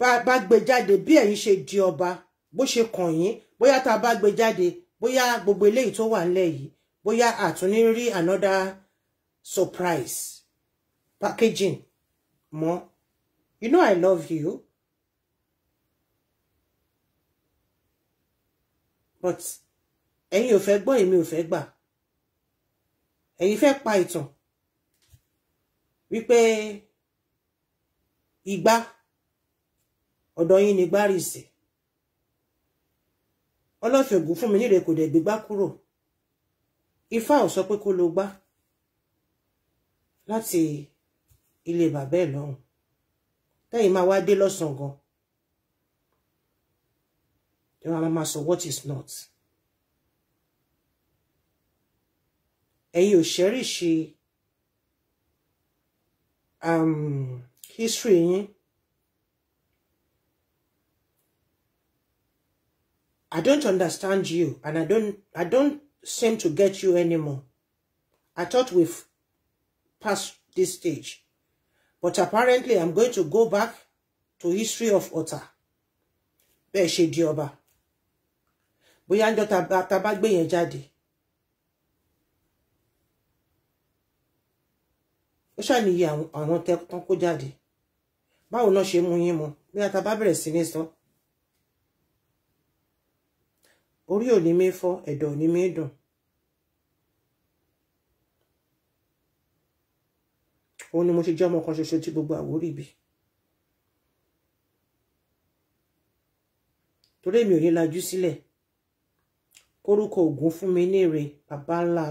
bá bá gbé jáde bí ẹ̀yin ṣe di ọba bó ṣe kàn yín bóyá tá a bá gbé jáde bóyá gbogbo eléyìí tó wà nílẹ̀ yìí bóyá àtúní rí another surprise packaging mọ́ you know I love you but ẹ̀yin ò fẹ́ gbọ́ èmi ò fẹ́ gbà ẹ̀yin fẹ́ pa ìtàn wípé igbá ọ̀dọ̀ yín ni gbárìsì ọlọ́fin ògùn fún mi níre kò dẹ̀ gbégbá kúrò ifá ò sọ pé kó lo gbá láti ilé bàbá ẹ̀ lọ́hùn tẹ́yìn máa wá dé lọ́sàn-án gan ẹ máa máa sọ what is not ẹ̀yin ò ṣẹ́rìṣì um, history yín I don't understand you and I don't I don't seem to get you anymore. I thought we've passed this stage. But apparently I'm going to go back to history of Ota. Bẹ́ẹ̀ dioba. di ọba. yejadi. ń jọ tàbá gbé yẹn jáde. Ó ṣàníyí àwọn tẹ́kọ́ kó mu? Bóyá tàbá bẹ̀rẹ̀ sí orí ò ní mí fọ́ ẹ̀dọ̀ ò ní mí dùn òun ni mo ṣe jẹ́ ọmọ kan ṣoṣo tí gbogbo àwórí bi torí èmi ò ní lajú sílẹ̀ kórúkọ ògún fún mi ní èrè bàbá ńlá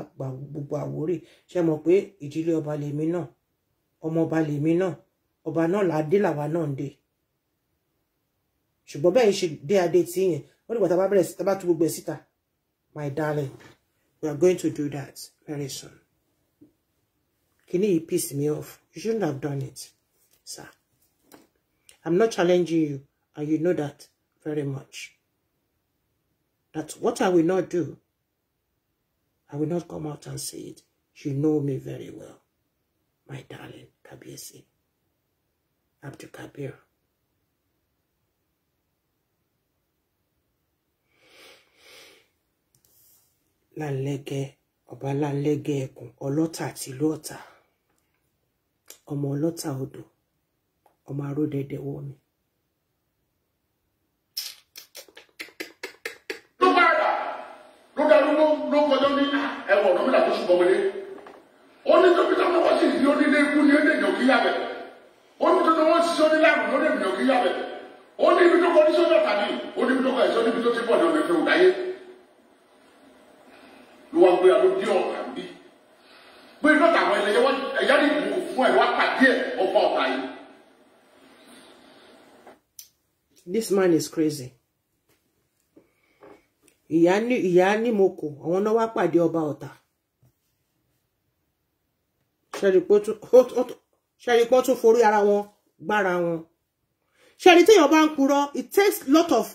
gbogbo àwórí ṣe mọ̀ pé ìdílé ọba lèmi náà ọmọ ọba lèmi náà ọba náà làdé làwa náà ń dé ṣùgbọ́n bẹ́ẹ̀ ṣe dé adé tí yẹn wọ́n nígbà tá bẹ̀rẹ̀ sí tá gbogbo ẹ̀ síta my darling we are going to do that very soon kìíní yìí piss me off you shouldn't have done it sir i'm not challenging you and you know that very much that what i will not do i will not come out and say it you know me very well my darling kabiyesi abdulkabir. lálẹ́gẹ́ ọba lálẹ́gẹ́ ẹkùn ọlọ́tà tìlú ọ̀tà ọmọ ọlọ́tà odò ọmọ aródẹdẹ wọmi.
ló bá rà ló dá ló ló kọjá ní ah, ẹ̀wọ̀n ọdún tó ṣùgbọ́n wọlé ó ní tó fi ká fọwọ́ sí ìdí onílé ikú ní ẹ̀dẹ̀ ènìyàn kí yàbẹ̀ ó ní tó tó wọ́n ṣiṣọ́ láàrú lórí ènìyàn kí yàbẹ̀ ó ní ibi tó kọ ní sọ́jà tàbí ó ní ibi tó kọ ẹ̀ṣọ́ níbi tó ti bọ̀ ní ọ̀nà ìfẹ́ ló wá gbéra ló dé ọ̀tà bí pé lọ́tà àwọn ẹlẹ́yẹ wọ́n ẹ̀yá ní ìlú fún ẹ̀ wá pàdé ẹ̀ ọba ọ̀tà yìí.
This man is crazy. Ìyá ní ìyá ní mo kò àwọn náà wá pàdé ọba ọ̀tà. Ṣẹ́rí pọ́ tún forí ara wọn gbára wọn. Ṣẹ́rí téèyàn bá ń purọ́ it takes lot of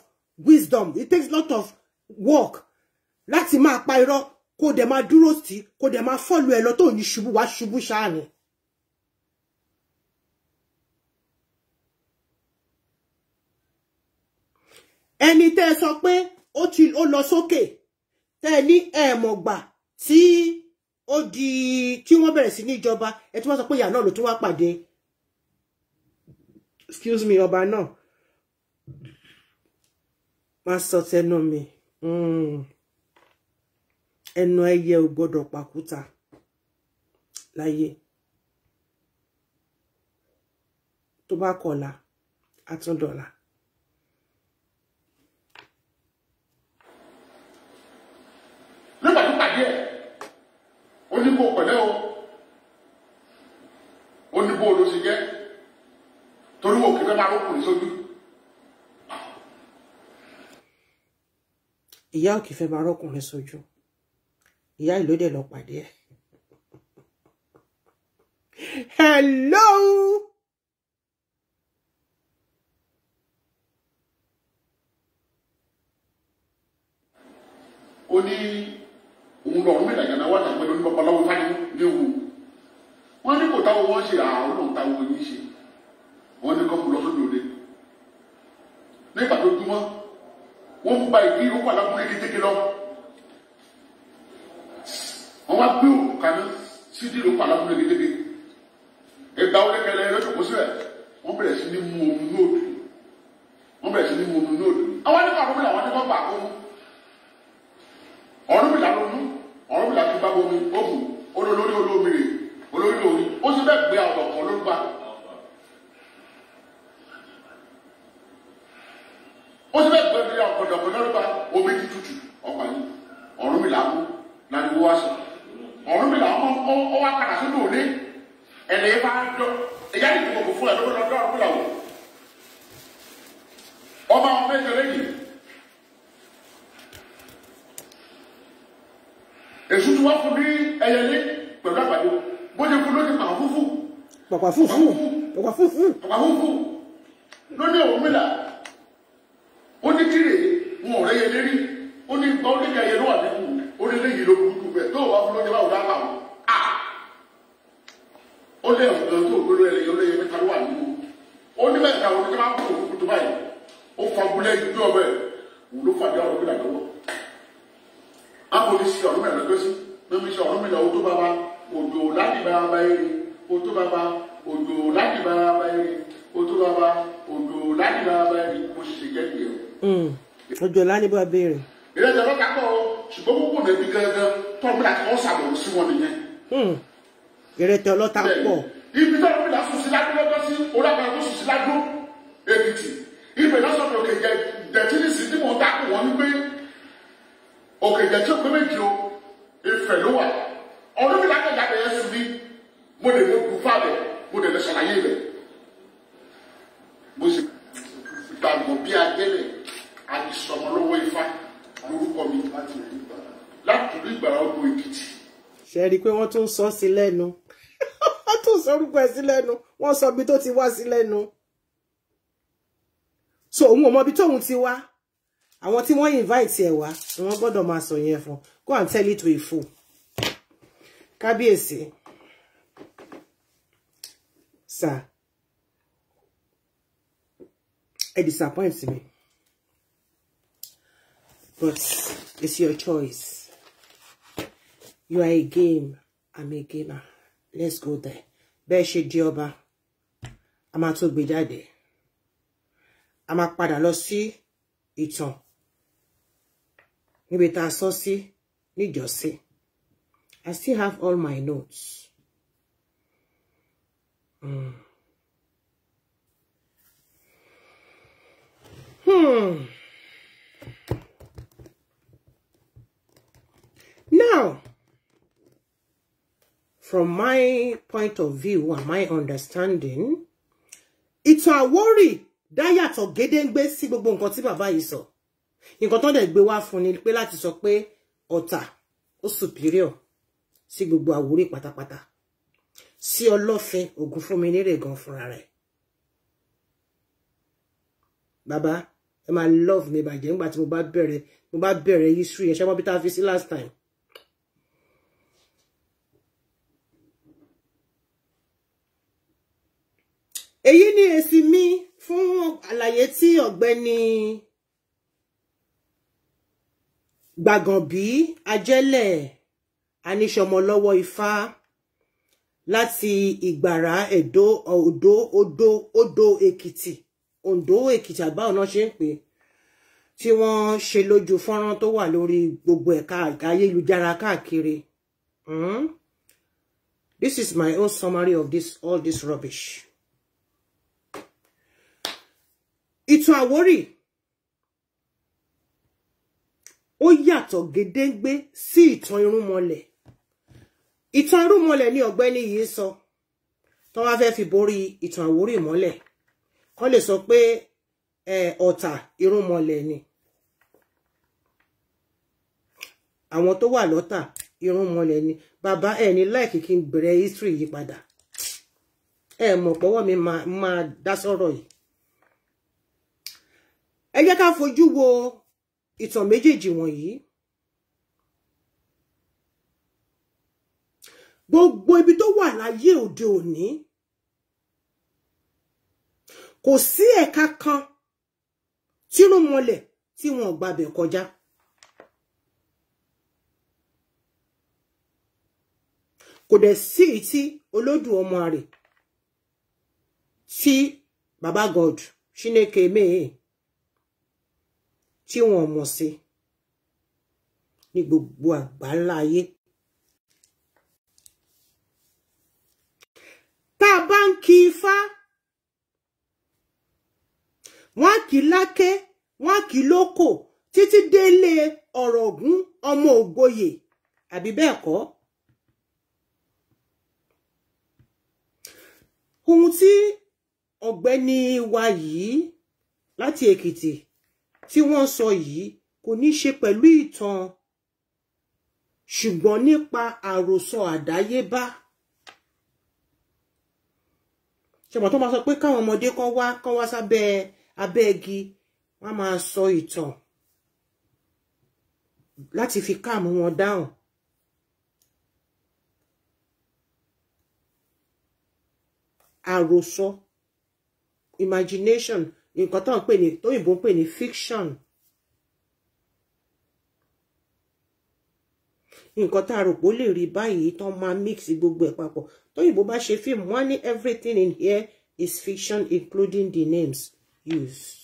wisdom it takes lot of work láti máa pa irọ́ Ko dẹ̀ máa dúró sí kó dẹ̀ máa fọ́lù ẹ̀ lọ tó ní ṣubú wá ṣubú ṣáà ni. ẹni tẹ́ ẹ sọ pé ó o ó lọ sókè tẹ́ ẹ ní ẹ̀ẹ̀mọ̀gbà tí ó di tí wọ́n bẹ̀rẹ̀ sí ní ìjọba ẹ tún wa sọ pé ìyá náà ló tún wá pàdé excuse me ọba náà má sọ tẹnu mi. Mm ẹnu ẹyẹ ò gbọdọ̀ pàkúta láyé tó bá kọ̀la àtúndọ̀la.
nígbà tó pàdé ẹ̀ ó ní bó pẹ̀lẹ́ o ó ní bó ló ṣe jẹ́ torí wò kí fẹ́ máa rókùnrin sójú.
ìyá òkè fẹ́ máa rọ́kùnrin sójú ìyá ìlú dẹ̀ lọ pàdé ẹ̀. hello.
ó ní òun lọ ọ̀run ìdàgbàna wà dàgbẹ́ lórí babaláwo fáyé ní ewu wọn ní kò táwọn wọn ṣe àwọn náà táwọn yìí ṣe wọn ní kọ́pù lọ́sọ̀dọ̀ òde nígbà tó dúmọ́ wọn mú báyìí kí ó padà lọ wọn wá gbé òkú kaná sídìí ló pàlà fún egedege ìgbà wọlé kẹlẹ ẹ lọ́jọ́ kó sílẹ̀ wọ́n bẹ̀rẹ̀ sí ní mu omi nóòdù wọ́n bẹ̀rẹ̀ sí ní mu omi nóòdù àwọn nípa àkókò làwọn nípa gbà kó mú ọ̀run bìlà ló mú ọ̀run bìlà tó bá bomi ó mú olólórí olómi rè olórí orí ó sì bẹ́ẹ̀ gbé àwọn ọ̀kọ̀ ló gbà. ó sì bẹ́ẹ̀ gbé ọ̀kọ̀ dọ̀kọ̀ ló gbà omi ti tutù ọ̀pá yìí ọ̀run bìlà kú làdìgbò wá sọ̀rọ̀ ọ̀run mi là ọmọ ọwọ́ padà sínú òde ẹ̀lẹ́ bá dọ ẹ̀yá ní ìdìbò fún ẹ̀ lọ́wọ́ lọ́dọ́ ọ̀run làwọ̀ ọba ọmọ ẹ̀jọ̀ lẹ́yìn èṣù tí wọ́n fún ní ẹ̀yẹlé pẹ̀lú àgbàdo bó ṣe fún pàpà fúfú pàpà fúfú pàpà fúfú pàpà fúfú lónìí òun mi ó ní kírè wọn ò rẹ́yẹ lérí ó ní gbọ́ ó ní kẹyẹ ló wà nínú ó ní léyìí ló kú wá fún lóúnjẹ báwo dábàá wọn ó lé ẹ̀wọ̀n gan tó gbóló ẹ̀ lẹ́yìn olóyè mẹ́ta ló wà nínú ó ní mẹ́ta wọn ní kí wọ́n kó òkú tó báyìí ó fagulẹ̀ ìjọ bẹ́ẹ̀ wò ló fàdé ọ̀rọ̀ gbéra lọ́wọ́ àpòlísì ọ̀rọ̀ mẹ́rin lọ́sí lọ́mí sọ ọ̀rọ̀ mẹ́rin ọ̀dọ́ bàbá òdò láti bá bá yẹn òdò bàbá òdò láti bá bá yẹn òdò bàbá òdò láti bá bá yẹn mo sì jẹ́ ìyẹn. ọjọ́ lánìí bá ìrẹsì ọlọ́kà kọ́ ṣùgbọ́n púpọ̀ nẹ̀bi gángan tọ́gbìlà kan ṣàbẹ̀wò sí wọn nìyẹn.
ìrètí hmm. ọlọ́ta pọ̀.
ibi tó tọ́gbìlà sùn sí ládùn lọ́jọ́ sí olábàá tó sùn sí ládùn èkìtì ibẹ̀ lọ́sọ̀tọ̀ òkè jẹ dẹ̀tílì sí tí mo ta kù wọ́n wípé òkè jẹ tí ó pé méjì o ìfẹ́ ló wà ọdún bíi lákàjà bẹ̀ yẹn sùn ní mo lè mú fa bẹ̀ mo lè lè ṣàlàyé bẹ̀ mo sì gbàgbọ́ bí adélẹ̀ àdìsọ̀mọ́lówó ifá lórúkọ mi láti rí láti ìlú ìgbàrá ogun èkìtì.
ṣe rí i pé wọ́n tún sọ sí lẹ́nu wọ́n tún sọ orúkọ ẹ̀ sí lẹ́nu wọ́n sọ ibi tó ti wá sí lẹ́nu so òun ò mọ ibi tóun ti wá àwọn tí wọ́n invite ẹ̀ wá ni wọ́n máa sọ yẹn fún go and tell it to a fool kábíyèsí sà ẹ disappoint me but it's your choice you are a game i'm a gamer let's go there bẹ́ẹ̀ ṣe di ọba a máa tó gbé jáde a máa padà lọ sí ìtàn níbi tá a sọ sí níjọ́sí i still have all my notes. Mm. Hmm. Now from my point of view and my understanding it's ìtàn Àwórì dá yàtọ̀ gédéǹgbé sí gbogbo nǹkan tí bàbá yìí sọ nǹkan tó dẹ̀ gbé wá fún ni pé láti sọ pé Ọ̀tà ó superior sí gbogbo Àwórì pátápátá sí Ọlọ́fin Ògúnfúnminírè gan fúnra rẹ̀ bàbá ẹ máa love mi bàjẹ́ nígbà tí mo bá bẹ̀rẹ̀ mo bá bẹ̀rẹ̀ history ẹ ṣe mọ́ bí tá a fi sí last time èyí ni èsì mi fún àlàyé tí ọ̀gbẹ́ni Gbàgànbí Ajẹ́lẹ̀ aníṣọmọlọ́wọ́ ifá láti Ìgbàrá Ẹdó Odò Odò Odò Èkìtì Oǹdó Èkìtì àbá ọ̀nà ṣe ń pè tí wọ́n ṣe lójú fọ́nrán tó wà lórí gbogbo ẹ̀ka ayélujára káàkiri. Hmm? This is my own summary of this all this rubbish. ìtàn Àwórì ó yàtọ̀ gédéǹgbé sí ìtàn irúnmọlẹ̀ ìtàn irúnmọlẹ̀ ni ọ̀gbẹ́ni yìí sọ tó wá fẹ́ fi borí ìtàn Àwórì mọ́lẹ̀ kó lè sọ pé ọ̀tà irúnmọlẹ̀ ni àwọn tó wà lọ́tà irúnmọlẹ̀ ni bàbá ẹ̀ ní láìkì kí n bẹ̀rẹ̀ history yìí padà ẹ̀ mọ̀ pọ́wọ́ mi máa dá sọ̀rọ̀ yìí ẹ jẹ́ ká fojú wo ìtàn méjèèjì wọ̀nyí gbogbo ibi tó wà láyé òde òní kò sí ẹ̀ka kan tírú mọ́lẹ̀ tí wọ́n gbàbẹ̀ kọjá kò dẹ̀ sí ìtí olódù ọmọ rẹ̀ tí baba god Chineke mee tí wọn mọ̀ sí ní gbogbo àgbáńlá ayé. tá a bá ń kí ifá wọn á kí láké wọn á kí lóko títí délé ọ̀rọ̀ ògún ọmọ ògboyè àbí bẹ́ẹ̀ kọ́. ohun tí ọ̀gbẹ́ni wa yìí láti èkìtì tí wọ́n sọ yìí kò ní ṣe pẹ̀lú ìtàn ṣùgbọ́n nípa àròsọ àdáyébá ṣùgbọ́n tó máa sọ pé káwọn ọmọdé kan wá kan wá sábẹ́ abẹ́gi wọ́n máa sọ ìtàn láti fi káàmù wọn dáhùn. àròsọ imagination nǹkan tó ń pè ní tóyìnbó ń pè ní fiction nǹkan tá a rò pé ó lè rí báyìí tán máa mix gbogbo ẹ̀ papọ̀ tóyìnbó bá ṣe fíìmù wọ́n ní everything in here is fiction including the names used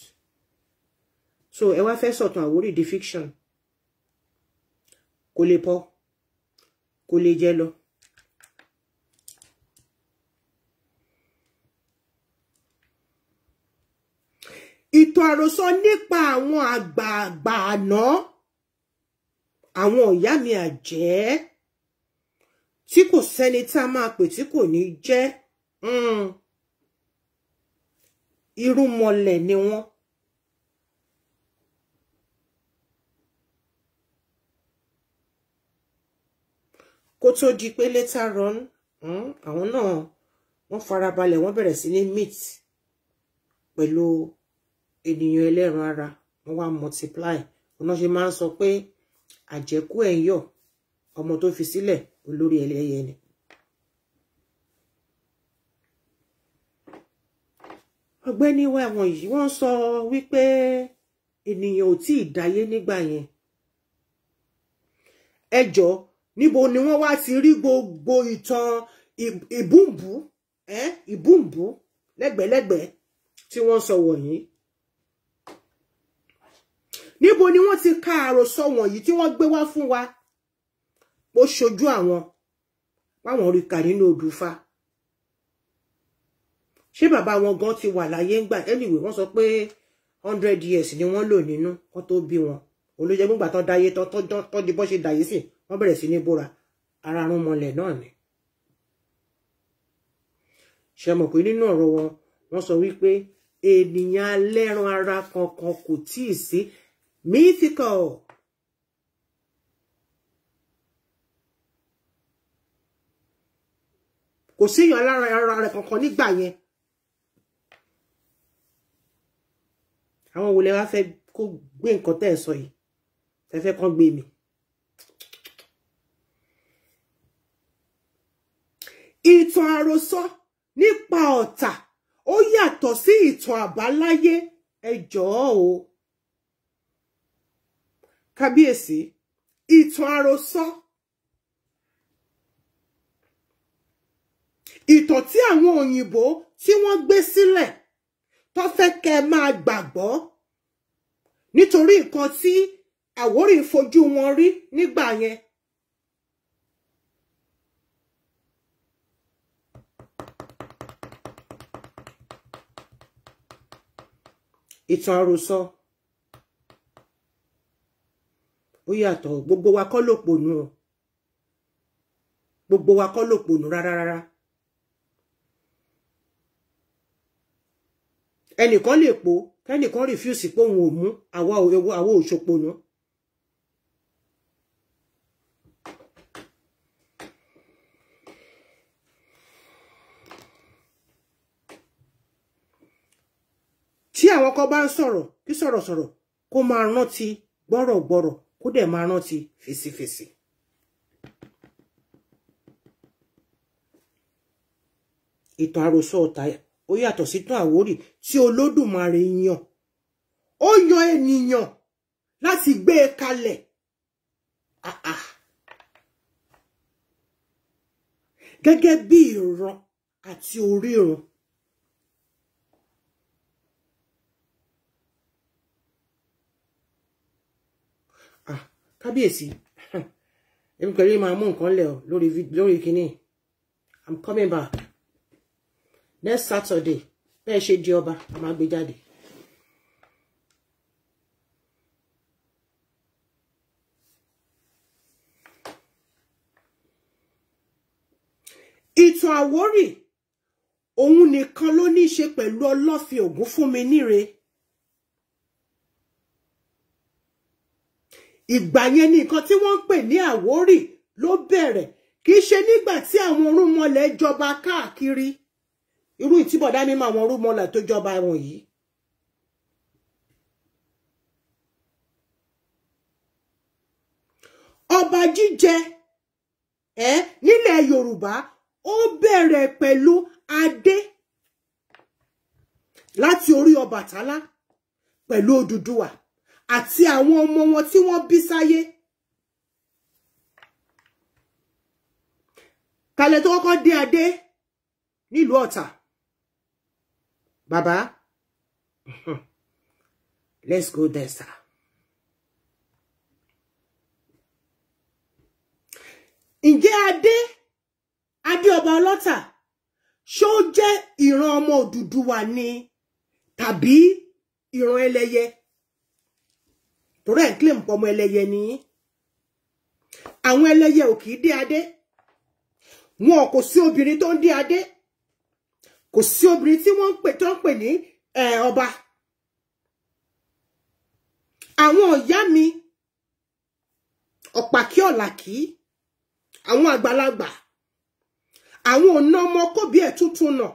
so ẹ wá fẹ́ sọ̀tàn Àwórì the fiction kò lè pọ̀ kò lè jẹ lọ. ìtàn àròsọ nípa àwọn àgbààgbà àná àwọn ìyá mi àjẹ́ tí kò sẹ́ni tá a máa pè tí kò ní jẹ́ hmm. irúmọlẹ̀ ni wọ́n. kó tó di pé later on hmm, àwọn náà wọ́n farabalẹ̀ wọ́n bẹ̀rẹ̀ sí ní meet pẹ̀lú ènìyàn ẹlẹ́ran ara wọ́n wá multiply ọ̀nà ṣe máa ń sọ pé àjẹkù ẹ̀ ń yọ̀ ọmọ tó fi sílẹ̀ olórí ẹlẹ́yẹ ni. ọ̀gbẹ́ni wa ẹ̀wọ̀n yìí wọ́n sọ wípé ènìyàn ò tí ì dáyé nígbà yẹn ẹ jọ níbo ni wọ́n wá ti rí gbogbo ìtàn ìbùnbù ìbùnbù lẹ́gbẹ̀lẹ́gbẹ̀ tí wọ́n sọ wọ̀nyí níbo ni wọ́n ti ka àròsọ wọ̀nyí tí wọ́n gbé wá fún wa ó ṣojú àwọn páwọn rí kà nínú odùfà ṣé bàbá wọn gan ti wà láyé ńgbà anyway wọ́n sọ pé hundred years ni wọ́n lò nínú kó tó bí wọn olójẹ gbọgbà tán dáyé tán tán di bọ́ ṣe dàyé sí wọ́n bẹ̀rẹ̀ sí ní bóra ara rún mọlẹ̀ náà ni ṣe mọ̀ pé nínú ọ̀rọ̀ wọn wọ́n sọ wípé ènìyàn alẹ́ran ara kankan kò tíì sí Mythical. Kò síyàn lára ara rẹ̀ kankan nígbà yẹn. Àwọn wo lẹ wá fẹ́ kó gbé nǹkan tẹ́ ẹ̀ sọ yìí? Ẹ fẹ́ kán gbé mi. Ìtàn àròsọ nípa ọ̀tà ó yàtọ̀ sí ìtàn àbáláyé ẹ o kábíyèsí ìtàn àròsọ ìtàn tí àwọn òyìnbó tí wọ́n gbé sílẹ̀ tó fẹ́ kẹ́ máa gbàgbọ́ nítorí nǹkan tí Àwórì fojú wọn rí nígbà yẹn ìtàn àròsọ ó yàtọ̀ gbogbo wa kọ́ ló pònú o gbogbo wa kọ́ ló pònú rárá rárá ẹnìkan lè po kẹ́nìkan rìfúsì pé òun ò mú àwa àwa òṣòponú. tí àwọn kan bá ń sọ̀rọ̀ kí sọ̀rọ̀sọ̀rọ̀ kó máa rántí gbọ́rọ̀gbọ́rọ̀ kó dẹ̀ máa rántí fèsìfèsì. ìtàn àròsọ ọ̀tà ó yàtọ̀ sí tán Àwórì tí Olódùmarè yan ó yan ènìyàn láti gbé e kalẹ̀ gẹ́gẹ́ bí ìran àti orírun. kábíyèsí èmi pẹ̀lú máa mú nǹkan lẹ̀ lórí lórí kínní i'm coming back next saturday bẹ́ẹ̀ ṣe di ọba a máa gbé jáde. ìtàn àwórì òun nìkan ló ní í ṣe pẹ̀lú ọlọ́fin ògún fún mi níre ìgbà yẹn ni nǹkan tí wọ́n ń pè ní Àwórì ló bẹ̀rẹ̀ kì í ṣe nígbà tí àwọn orúnmọlẹ̀ jọba káàkiri irú ìtìbọ̀dá mímọ àwọn orúnmọlẹ̀ tó jọba wọn yìí. ọba jíjẹ ẹ nílẹ̀ Yorùbá ó bẹ̀rẹ̀ pẹ̀lú adé láti orí Ọbàtálá pẹ̀lú Odùduwà àti àwọn ọmọ wọn tí wọ́n bí sáyé. Kalẹ̀ tó kọ́kọ́ dé adé nílùú Ọ̀tà. Bàbá, let's go there, sir. Ǹjẹ́ adé, adé ọba ọlọ́tà, ṣó jẹ́ ìran ọmọ Odùduwà ni tàbí ìran ẹlẹ́yẹ? torí ẹ̀ ń claim pọ̀ ọmọ ẹlẹ́yẹ ni àwọn ẹlẹ́yẹ ò kì í dé adé wọn kò sí obìnrin tó ń dé adé kò sí obìnrin tí wọ́n ń pè tó ń pè ní ọba àwọn ìyá mi ọ̀pàkí ọ̀làkí àwọn àgbàlagbà àwọn ọ̀nà ọmọ kóbi ẹ̀ tuntun náà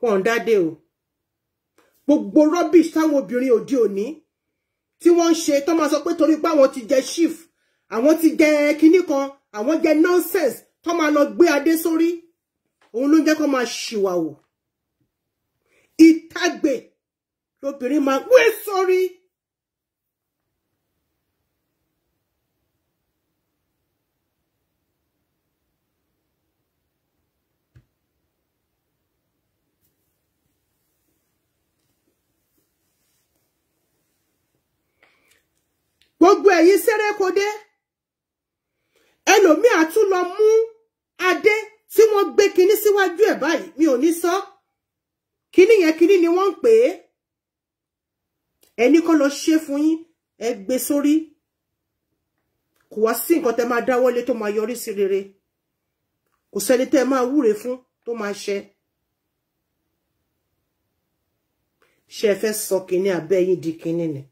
wọn ò o gbogbo rubbish táwọn obìnrin òde òní tí wọ́n ń ṣe tó máa sọ pé torí pé àwọn ti jẹ chief àwọn ti jẹ kinní kan àwọn jẹ nonsense tó máa lọ gbé adé sórí òun ló ń jẹ́ kó máa ṣìwàwò ìtàgbè lobìnrin máa gbé sórí. gbogbo ẹ̀yin sẹ́rẹ́kọdé ẹlòmíì àtún lọ mú adé tí wọ́n gbé kinní síwájú ẹ̀ báyìí mi ò ní sọ kinní yẹn kinní ni wọ́n ń pè é ẹni kọ́ lọ ṣe fún yín ẹ gbé e sórí kò wá sí nǹkan tẹ́ máa dáwọ́lé tó máa yọrí sí rere kò sẹ́ni tẹ́ máa wúre fún tó máa ṣe ṣe fẹ́ sọ kinní abẹ́yìn di kinní ni.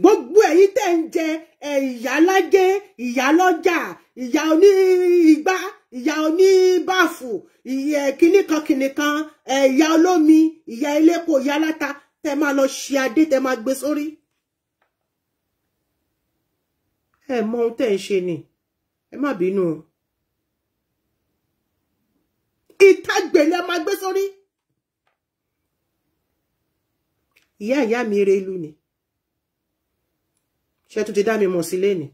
gbogbo ẹ̀yin tẹ́ ń jẹ ìyálájé ìyálọ́jà ìyá oní igbá ìyá oní báfù ìyẹ kìnìkan kìnìkan ìyá olómi ìyá elépo ìyá aláta tẹ́ máa lọ ṣe adé tẹ́ máa gbé sórí. ẹ mọ ohun tẹ́ ń ṣe ni ẹ má bínú o ìtagbè lẹ máa gbé sórí. ìyá ìyá mi relu ni ṣé tún ti dá mi mọ̀ sí lẹ́ni.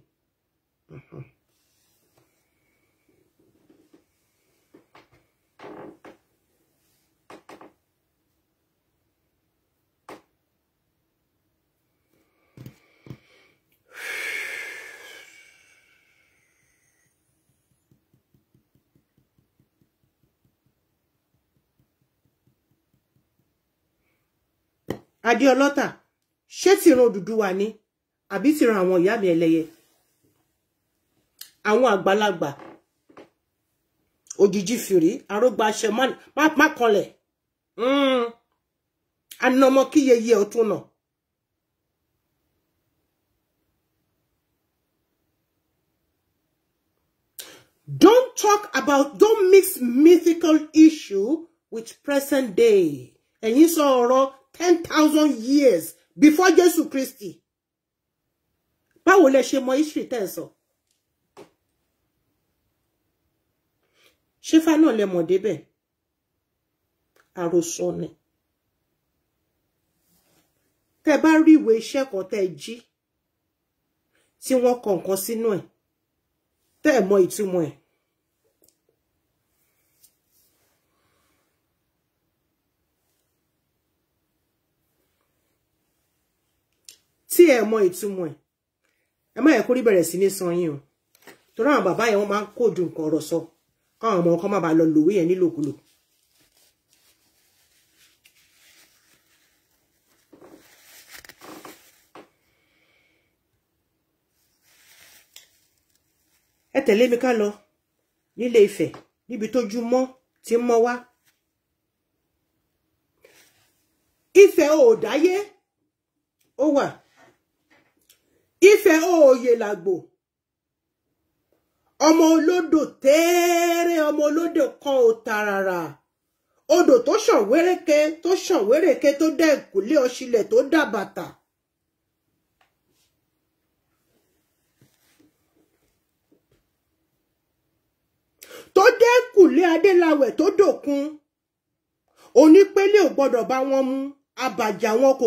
adé ọlọ́tà ṣé tìrún Odùduwà ni àbí ti ran àwọn ìyá mi ẹlẹ́yẹ àwọn àgbàlagbà òjijì fìrí arógbá aṣẹ má anamọ hmm. kí yeye ọtún náà. Don't talk about don't mix mythical issue with present day. Ẹ̀yin sọ ọ̀rọ̀ ten thousand years before Jésù Christy báwo lẹ ṣe mọ history tẹ́ ń sọ ṣífà náà lẹ mọ̀ débẹ̀ àròsọ ni tẹ́ bá rí ìwé iṣẹ́ kan tẹ́ jí tí wọ́n kọ nǹkan sínú ẹ̀ tẹ́ mọ ìtumọ̀ ẹ̀ tí ẹ mọ ìtumọ̀ ẹ̀ ẹ má yẹ kó rí bẹ̀rẹ̀ sí ní san yín o torí àwọn bàbá yẹn wọ́n máa ń kóòdù nǹkan ọ̀rọ̀ sọ káwọn ọmọ kan má bàa lọ lòwé yẹn nílòkulò ẹ tẹ̀lé mi ká lọ nílé Ifẹ̀ níbi tójú mọ́ ti mọ́ wá Ifẹ̀ ò dáyé ó wà. Ifẹ̀ òòyè làgbò ọmọ olódò tẹ́ẹ́rẹ́ ọmọ olódò kan ò tàràrà odò tó ṣàn wéréke tó ṣàn wéréke tó dá ìkúlé ọṣilẹ̀ tó dá bàtà. tó dé kùlé adélawẹ̀ tó dòkun onípele ò gbọ́dọ̀ bá wọn mú abàjà wọn kò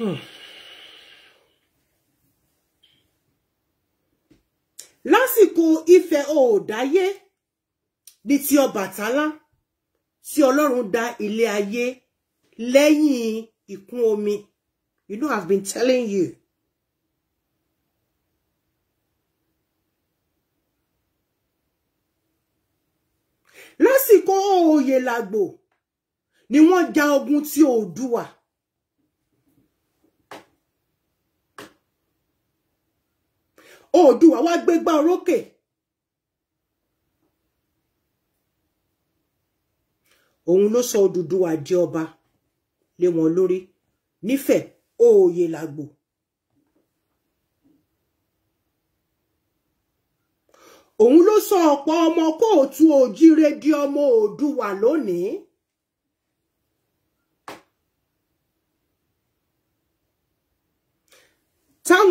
lásìkò Ifẹ̀ òòdáyé ní ti Ọbàtálá tí Ọlọ́run dá ilé ayé lẹ́yìn ìkún omi you know I've been telling you lásìkò Oyèlàgbò ni wọ́n ja ogun ti Oòduà. Oòduà wá gbégbá orókè. Òun ló sọ Odùduwà di ọba lé wọn lórí nífẹ̀ òòyè làgbò. Òun so sọ ọ̀pọ̀ ọmọ kóòtù òjíire di ọmọ Oòduà lónìí.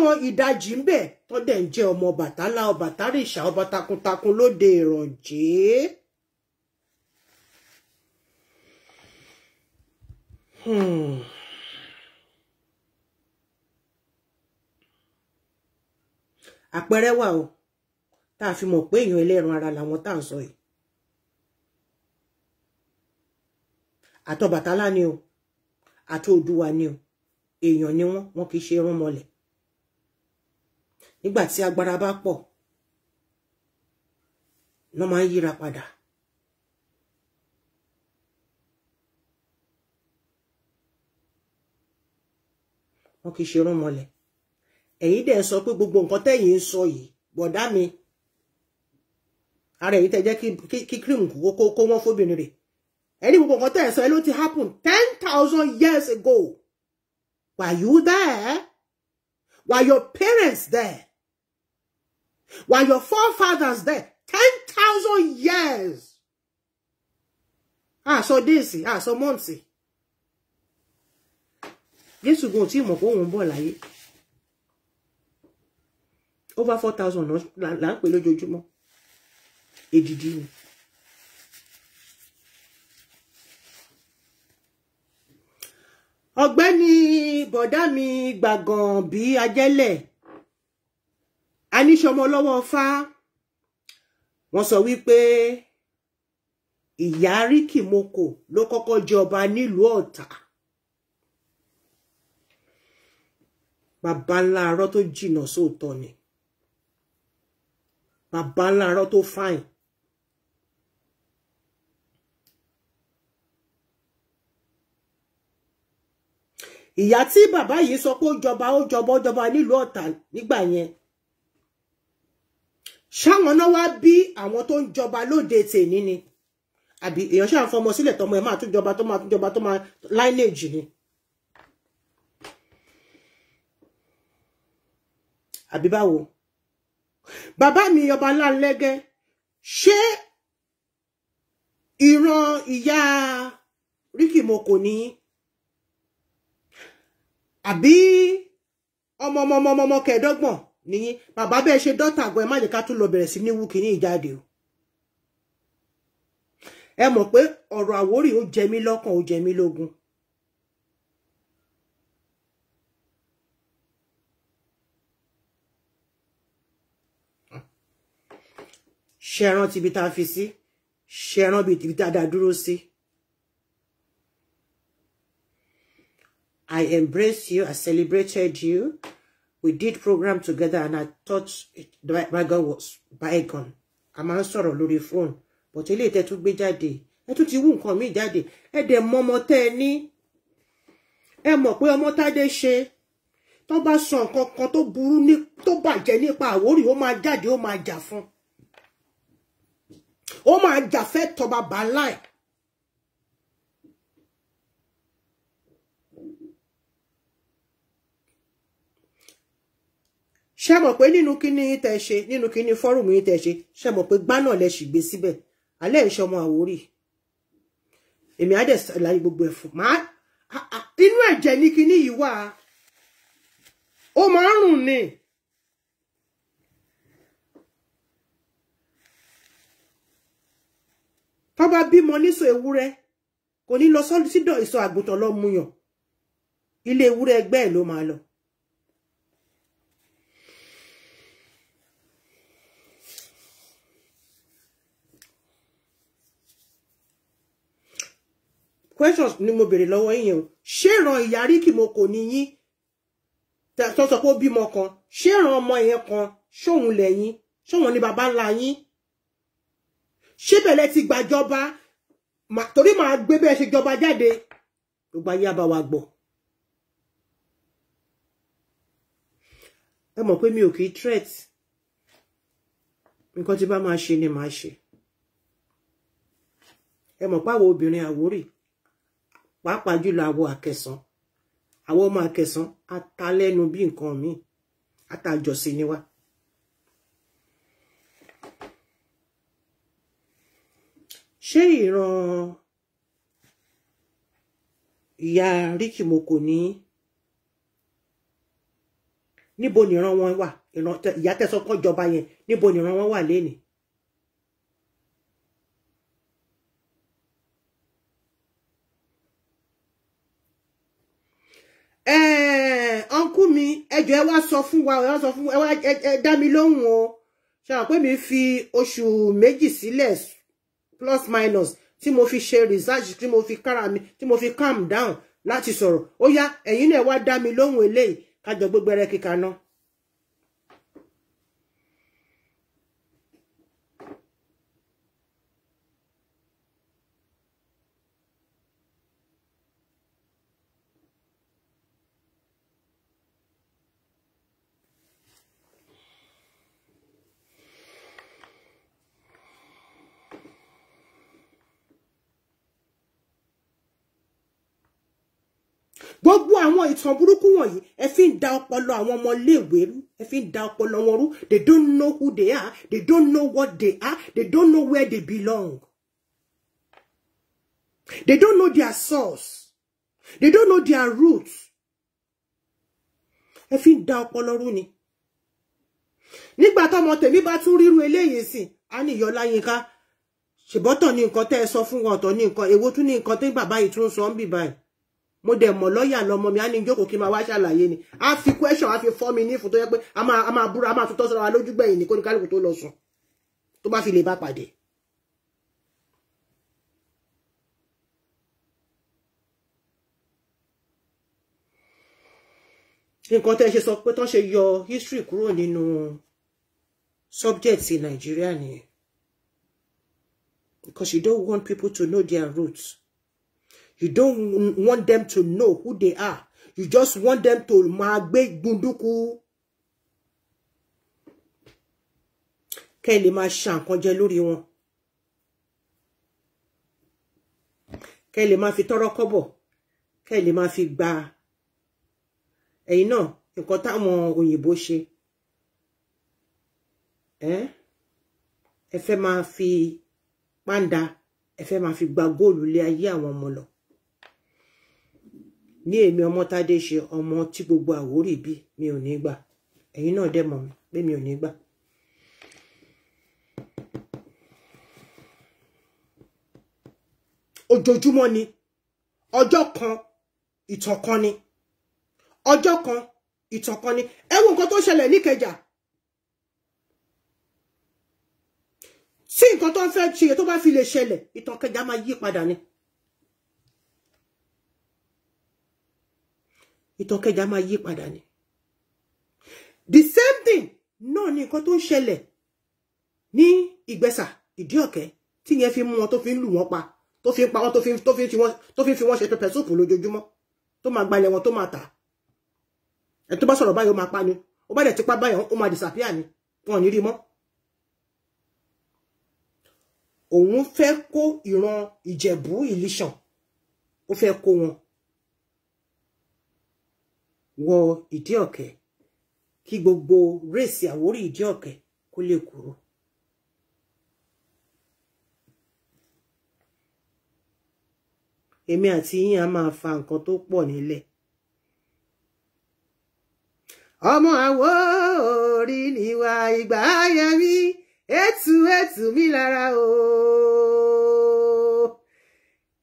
táwọn ìdajì ń bẹ̀ tó dẹ̀ ń jẹ́ ọmọ Ọbàtálá ọba tárìṣà ọba takuntakun lóde Ìrànjẹ́. Hmm. àpẹẹrẹ wà o tá a fi mọ̀ pé èèyàn ẹlẹ́ran ara làwọn tá à ń sọ yìí àtọbàtálá ni o àti òdùwà ni o èèyàn ni wọ́n wọ́n kì í ṣe irúnmọlẹ̀ nígbà tí agbára bá pọ̀ ló máa ń yíra padà. wọn kì í ṣerún mọ́lẹ̀ ẹ̀yin dẹ̀ sọ pé gbogbo nǹkan tẹ̀yin ń sọ yìí bọ̀dá mi ara ẹ̀yin tẹ́ jẹ́ kí cream kó kó wọ́n fóbìnrin rẹ̀ ẹni gbogbo nǹkan tẹ̀ sọ ẹ ló ti happen ten thousand years ago were you there were your parents there While your forefathers there, 10,000 years. Ah, so this, ah, so Monty. Jésù gan go mọ̀ pé òun ń bọ̀ Over four thousand là ń pè lójoojúmọ́. Èdìdì ni. Ọ̀gbẹ́ni bọ̀dá mi gbàgàn bí aníṣọmọ lọ́wọ́ fá wọ́n sọ wípé ìyá ríkìmoko ló kọ́kọ́ jẹ nílùú Ọ̀tà bàbá ńlá arọ tó jìnnà sóòótọ́ ni bàbá ńlá arọ tó fáìn ìyá tí bàbá yìí sọ pé ó jọba ó jọba ó jọba nílùú Ọ̀tà nígbà yẹn ṣáwọn náà wá bí àwọn tó ń jọba lóde tèní ni àbí èèyàn ṣáà ń fọmọ sílẹ̀ tọmọ ẹ̀ máa tún jọba tó máa tún jọba tó máa lineage ni. àbí báwo bàbá mi ọba Lanlẹ́gẹ́ ṣé ìran ìyá Ricky Moko ni àbí ọmọ ọmọ ọmọ ọmọ kẹẹ̀ẹ́dọ́gbọ̀n níyín bàbá bẹ́ẹ̀ ṣe dọ́tà gan ẹ má jẹ́ ká tún lọ bẹ̀rẹ̀ sí ní wú kínní ìjáde o ẹ mọ̀ pé ọ̀rọ̀ Àwórì ó jẹ mí lọ́kàn ó jẹ mí lógún ṣe rántí ibi tá fi sí ṣe rántí ibi tá a dá dúró I embrace you, I celebrated you, we did program together and I thought it, my Bygone was Bygone. A máa of sọ̀rọ̀ phone. But eléyìí tẹ́ tún gbé daddy. I tún you won't nǹkan míì daddy. And dẹ̀ mọ ọmọ tẹ́ ẹ ní. Ẹ mọ̀ pé ọmọ Tádé ṣe. Tó bá toba nǹkan kan tó burú ní tó bàjẹ́ nípa Àwórì ó máa jáde ó máa ṣe mọ̀ pé nínú kíní yín tẹ́ ṣe nínú kíní fọ́rùmù yín tẹ́ ṣe ṣe mọ̀ pé gbá náà lẹ ṣì gbé síbẹ̀ alẹ́ ìṣe ọmọ Àwórì èmi á dẹ̀ láyé gbogbo ẹ̀ fún máa inú ẹ̀jẹ̀ ní kíní yìí wà ó máa ń rùn ni. tó bá bímọ níṣò ewúrẹ́ kò ní lọ sọ́dọ̀ ìsọ àgùntàn lọ ilé ewúrẹ́ ẹgbẹ́ ẹ̀ ló máa lọ. questions ni mo béèrè lọ́wọ́ yín o ṣé ìran ìyáRíkì mo kò ní yín tó sọ pé ó bímọ kan ṣé ìran ọmọ yẹn kan ṣóhun lẹ́yìn ṣóhun ni bàbá ńlá yín ṣé bẹ̀lẹ̀ ti gbàjọba torí màá gbé bẹ́ẹ̀ ṣe jọba jáde gbogbo ayé àbá wa gbọ́. ẹ mọ̀ pé mi ò kì í threat nǹkan tí bá máa ṣe ni màá ṣe ẹ mọ̀ pé àwọn obìnrin Àwórì pàápàá jùlọ àwọ àkẹsàn àwọn ọmọ àkẹsàn atalẹnu bí nǹkan míì atajọsìn ni wá. ṣé ìran ìyá ríkìmọ̀kò ní níbo nìran wọn wà ìyá tẹsán kan yẹn níbo nìran wọn wà lénìí Eh, uncle mi ẹjọ́ ẹ wá sọ fún wa ẹ wá sọ fún wa ẹ wá dá mi lóhùn o ṣáà pé mi fi oṣù méjì sílẹ̀ plus minus tí mo fi ṣe research tí mo fi kára mi tí mo fi calm down láti sọ̀rọ̀ ó yá ẹ̀yin náà wá dá mi lóhùn eléyìí kájọ gbégbére kíkaná. nǹkan burúkú wọ̀nyí ẹ fi ń da ọpọlọ àwọn ọmọ rú ẹ fi ń da ọpọlọ wọn rú they don't know who they are they don't know what they are they don't know where they belong they don't know their source they don't know their roots ẹ fi ń da ọpọlọ rú ni nígbà tọmọ tèmi bá tún ríru eléyìí sìn á ní ìyọlá yín ká ṣèbọ́tọ̀ ní nǹkan tẹ́ ẹ sọ fún wọn ọ̀tọ̀ ní nǹkan èwo tún ní nǹkan tí bàbá yìí tún sọ ń bì báyìí mo dẹ̀ mọ̀ lọ́ọ̀yà lọmọ mi á ní jókòó kí n máa wá ṣàlàyé ni á fi question á fi fọ́ mi ní ìfún tó yẹ pé a máa a máa búra a máa tún tọ́sọ́ra wa lójú ní kóníkálùkù tó lọ sùn tó bá fi lè bá pàdé. nǹkan tẹ́ ṣe sọ pé tán ṣe yọ history kúrò nínú subject in nìyẹn because you don't want people to know their roots. You don't want them to know who they are. You just want them to máa gbé gbunduku. Kẹ́ lè máa ṣa nǹkan jẹ lórí wọn. Kẹ́ lè máa fi tọ́rọ́ kọ́bọ̀. Kẹ́ lè máa fi gba ẹ̀yin náà nǹkan táwọn òyìnbó ṣe. Eh? Ẹ fẹ́ máa fi pàǹdà ẹ fẹ́ máa fi gba góòlù lé ayé àwọn ọmọ lọ ní èmi ọmọtádé ṣe ọmọ tí gbogbo Àwórì bí mi ò ní gbà ẹ̀yin náà dẹ̀ mọ̀ mi pé mi ò ní gbà. ojoojúmọ́ ni ọjọ́ kan ìtàn kan ni ọjọ́ kan ìtàn kan ni ẹ wo nǹkan tó ṣẹlẹ̀ níkẹjà tí nǹkan tó ń fẹ́ ṣe tó bá fi lè ṣẹlẹ̀ ìtàn máa yí padà ni. ìtàn kẹjà máa yí padà ni the same thing náà ni nǹkan tó ń ṣẹlẹ̀ ní ìgbẹ́sà ìdí ọ̀kẹ́ tí yẹn fi mú wọn tó fi ń lù wọ́n pa tó fi ń pa wọn tó fi ń fi wọ́n ṣe pẹpẹ sóòpù lójoojúmọ́ tó máa gbalẹ̀ wọn tó máa tà ẹ̀ tó bá sọ̀rọ̀ báyìí ó máa pa ni ó bá dẹ̀ ti pa báyìí ó máa disappear ni wọn ò ní rí mọ́ òun fẹ́ kó ìran ìjẹ̀bú ìlíṣàn ó fẹ́ kó wọn wọ ìdí ọ̀kẹ́ kí gbogbo réèsì àwórí ìdí ọ̀kẹ́ kó lè kúrò. èmi àti yín a máa fa nǹkan tó pọ̀ nílẹ̀. ọmọ àwo orí níwà ìgbà ayẹmí ètù ètù mi lára
o.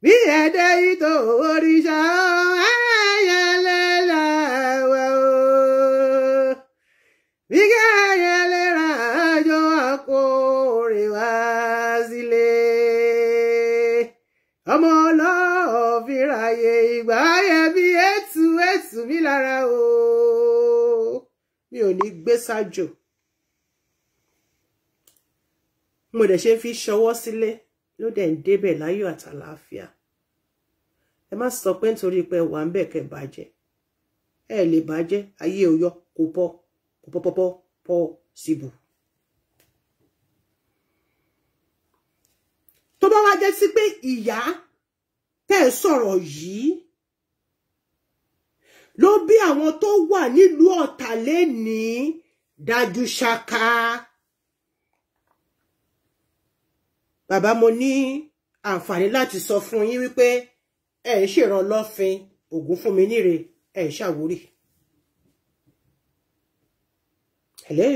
bí ẹ̀dẹ́ yìí tó orí ṣáá.
sú mi lára o mi ò ní gbé sájò mo dẹ̀ ṣe fi ṣọwọ́ sílé ló dẹ̀ ń débẹ̀ láyọ̀ àtàlàáfíà ẹ má sọ pé nítorí pé wà ń bẹ̀ kẹ́ bàjẹ́ ẹ lè bàjẹ́ ayé òyọ kò bọ́ kò pọ́pọ́pọ́ pọ́ síbù. tó bá wá jẹ́ sí pé ìyá tẹ́ ẹ sọ̀rọ̀ yìí ló bí àwọn tó wà nílùú Ọ̀tà lénìí dájú ṣáká. Bàbá mo ní àǹfààní láti sọ fún yín wípé ẹ ń ṣèrànlọ́fin ògún fún mi níre ẹ ń ṣàwórì. Hello?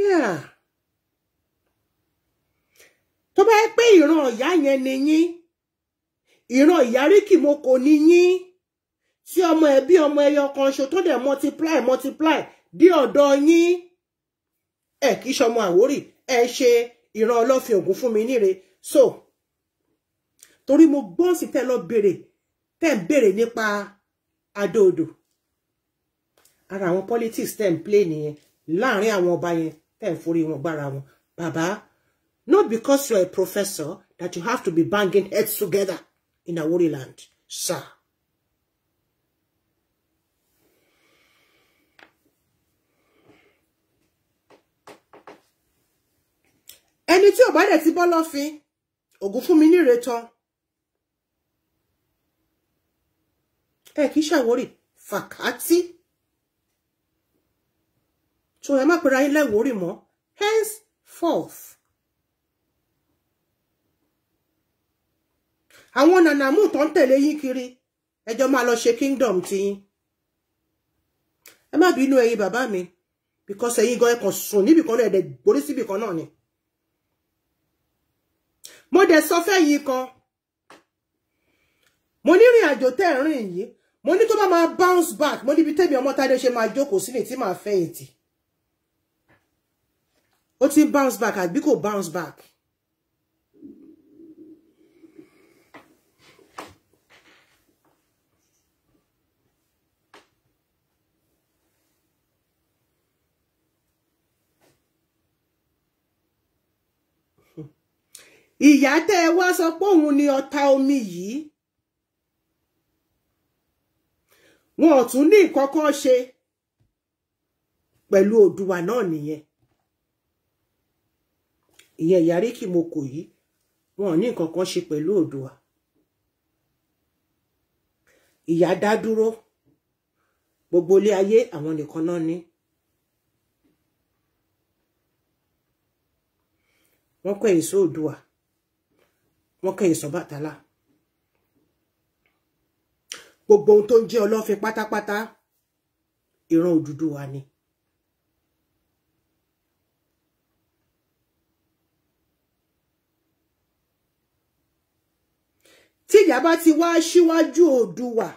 Yeah tó bá yẹ pé ìran ìyá yẹn ni yín ìran ìyá ríkì mo kò ní yín tí ọmọ ẹ bí ọmọ ẹyọ kan ṣo tó dẹ̀ multiply multiply dé ọ̀dọ̀ yín ẹ kì í ṣọmọ Àwórì ẹ ṣe ìran ọlọ́fin ògún fún mi níre so torí mo gbọ́ sí tẹ́ lọ béèrè tẹ́ ń béèrè nípa adóodò ara àwọn politics tẹ́ ń play nìyẹn láàrin àwọn ọba yẹn tẹ́ ń forí wọn gbára wọn bàbá Not because you're a professor that you have to be banging heads together in a woolly land, sir. Ẹni tí ò bá dẹ̀ ti bọ́ lọ́fin, ògùn fún mi ní ìrètán. Ẹ kìí So ẹ má pera yín lẹ́wòórì mọ́, henceforth. àwọn nànàmú tó ń tẹ̀lé yín kiri ẹjọ́ máa lọ ṣe kingdom tiyín ẹ má bínú ẹ̀yin bàbá mi because ẹ̀yin gan ẹkàn sùn níbì kan náà ẹ̀dẹ̀ gborí síbì kan náà ni mo dẹ̀ sọ fẹ́ yìí kan mo ní rìn àjò tẹ́ rìn yìí mo ní tó bá máa bounce back mo níbi tẹ́mi ọmọ tádé ṣe máa jókòó sílẹ̀ tí màá fẹ̀yìntì ó ti bounce back àbí kò bounce back. ìyá tẹ́ ẹ wá sọ pé òun ni ọta omi yìí wọn ò tún ní ìkọ̀kọ̀ ṣe pẹ̀lú Oòduà náà nìyẹn ìyẹn ìyá Rékì Mokò yìí wọn ò ní ìkọ̀kọ̀ ṣe pẹ̀lú Oòduà ìyá dá dúró gbogbo ilé ayé àwọn nìkan náà ní. wọ́n kọ èso Oòduà wọ́n kẹ́yìn Ọbàtálá gbogbo ohun tó ń jẹ́ Ọlọ́fin pátápátá ìran Odùduwà ni tí ìyá bá ti wá síwájú Oòduà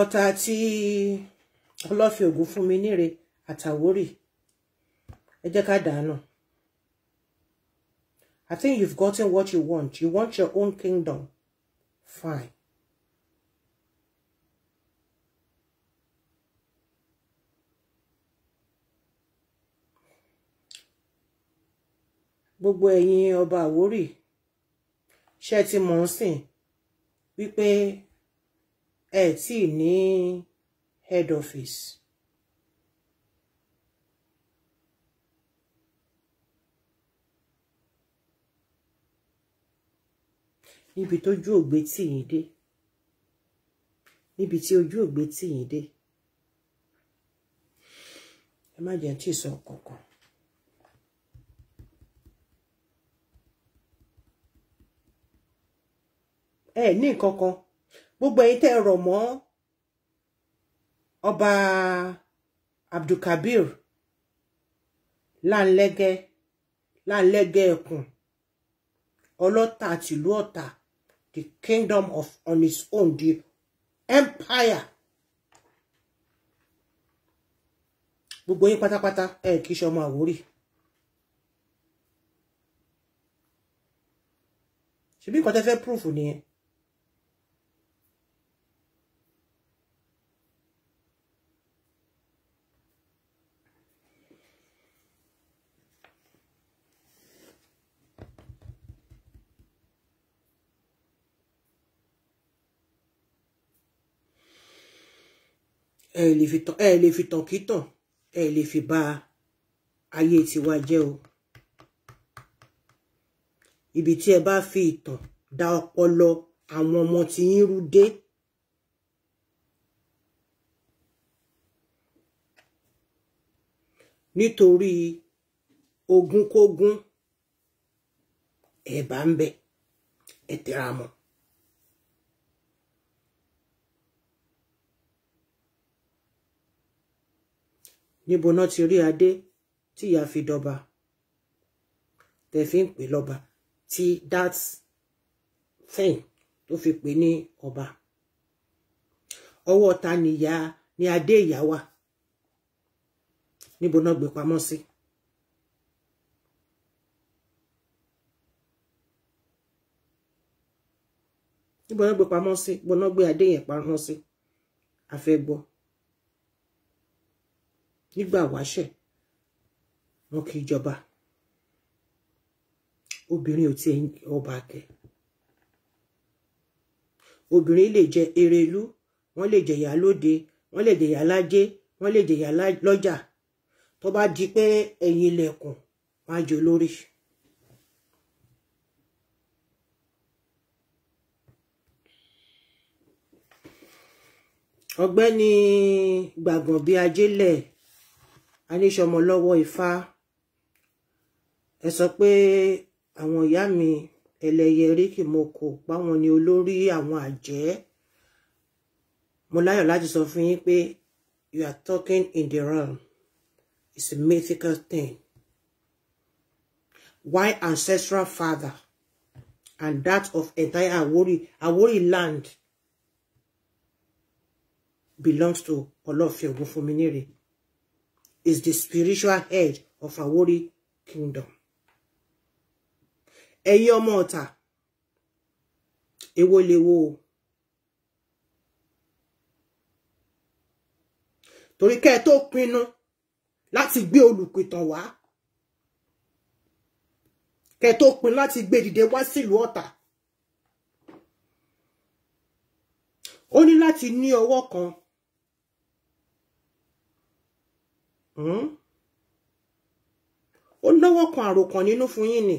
ọ̀tá àti ọlọ́fin ògùn fún mi níre àtàwórì ẹ jẹ́ ká dànù. I think you've gotten what you want. You want your own kingdom. Fine. gbogbo ẹ̀yin ọba Àwórì ṣe ti mọ̀ ń sìn wípé ẹ tí ì ní head office. níbi tójú ògbé tì yín dé níbi tí ojú ògbé tì yín dé ẹ má jẹ́ tí ì sọ kankan. ẹ ní nǹkan kan gbogbo ẹ̀yin tẹ́ rọ̀ mọ́ ọba abdulkabir láńlẹ́gẹ́ láńlẹ́gẹ́ ẹkùn ọlọ́ta tìlú ọ̀tà the kingdom of on its own the empire gbogbo yín pátápátá ẹ kì í ṣe ọmọ àwórì ṣebí nǹkan tẹ́ fẹ́ proof nìyẹn. ẹ lè fi tàn ẹ lè fi tàn kí tàn ẹ lè fi bà ayé tiwa jẹ́ o ibi tí ẹ bá fi ìtàn da ọpọlọ àwọn ọmọ tí yín rú dé nítorí ogúnkógún ẹ bá ń bẹ ẹ níbo náà ti rí adé tí ìyá fi dọba tẹ fi ń pè lọba tí that thing tó fi pè ní ọba ọwọ́ ta nìyá ni adé ìyá wà níbo náà gbé pamọ́ sí. níbo náà gbé pamọ́ sí níbo náà gbé adé yẹn pamọ́ sí àfẹ́gbọ́ nígbà wáṣẹ̀ wọn kì í jọba obìnrin ò tiẹ̀ ọba kẹ obìnrin lè jẹ erelú wọn lè jẹyà lóde wọn lè jẹyà lájé wọn lè jẹyà lọ́jà tó bá di pé ẹ̀yìn ilẹ̀kùn wọn á jẹ olórí. ọ̀gbẹ́ni gbàgbọ́n bíi ajélẹ̀ aníṣọmọ lọ́wọ́ ifá ẹ sọ pé àwọn ìyá mi ẹlẹ́yẹ ríkì mo kò páwọn ni olórí àwọn àjẹ́ mo láyọ̀ láti sọ fún yín pé you are talking in the wrong. it's a mythical thing why ancestral father and that of entire Awori Awori land belongs to Olofin Ogunfunminire is the spiritual head of Awori kingdom. Eyo ọmọ ọ̀tà, èwo lèwo o. Torí kẹ́ ẹ tó pinnu láti gbé olùpìtàn wá. Kẹ́ lati tó pinnu láti gbé dìde wá sílùú ọ̀tà. Ó ní láti ó lọ́wọ́ kan àròkàn nínú fún yín ni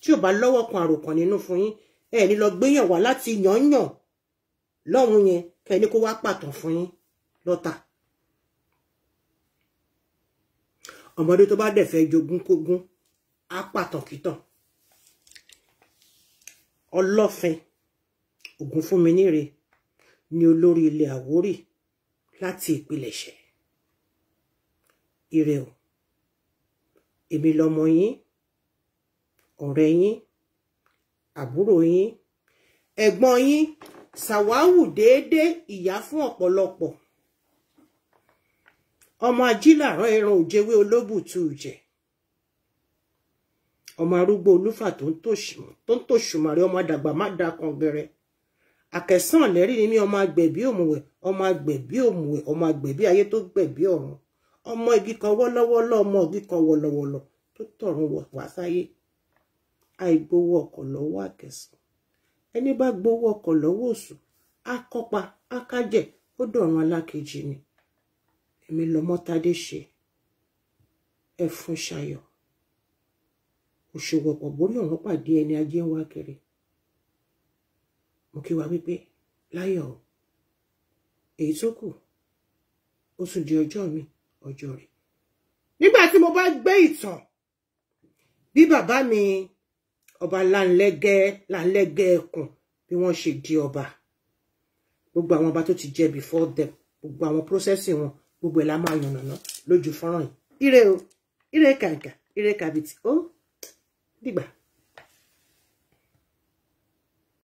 tí o bá lọ́wọ́ kan àròkàn nínú fún yín ẹ ní lọ gbéyàn wá láti yànyàn lọ́hùn yẹn kẹ́ni kó wá pàtàn fún yín lọ́tà. ọmọdé tó bá dẹ̀ fẹ́ jogún kógún á pàtàn kìtàn ọlọ́fin ògúnfúnmi níre ni olórí ilẹ̀ àwórì láti ìpilẹ̀ṣẹ̀. Ireo, o èmi lọmọ yín ọ̀rẹ́ yín àbúrò yín ẹ̀gbọ́n yín sàwáwù déédéé ìyá fún ọ̀pọ̀lọpọ̀ ọmọ ajílàrán ẹran òjewé olóbùtú jẹ ọmọ arúgbó olúfà tó ń tòṣùmàrè ọmọ àdàgbà má da kan gẹrẹ àkẹsàn lẹ́rìí ni mí ọmọ agbẹ̀bí òmùwẹ̀ ọmọ agbẹ̀bí òmùwẹ̀ ọmọ agbẹ̀bí ayé tó gbẹ̀bí ọ̀run ọmọ ibi kan wọ́lọ́wọ́lọ́ ọmọ ibi kan wọ́lọ́wọ́lọ́ tó tọ̀run wá sáyé àìgbowó ọkọ̀ lọ́wọ́ àkẹsàn ẹni bá gbowó ọkọ̀ lọ́wọ́ òsùn á kọ́pa á kájẹ̀ ó dọ̀run alákejì ni èmi lọmọ tádé ṣe ẹfun ṣayọ òṣòwò ọ̀pọ̀ borí ọ̀rọ̀ pàdé ẹni ajé ń wá kiri mo kí wa wípé láyọ̀ èyí tó kù ó tún di ọjọ́ mi ọjọ́ rẹ̀ nígbà tí mo bá gbé ìtàn bí bàbá mi ọba Lanlẹ́gẹ́ Lanlẹ́gẹ́ Ẹkùn bí wọ́n ṣe di ọba gbogbo àwọn ọba tó ti jẹ before them gbogbo àwọn prọ́sẹ́sì wọn gbogbo ẹ̀ la máa yànnàná lójú fọ́nrán yìí ire o ire kàǹkà ire kàbìtì ó dìgbà.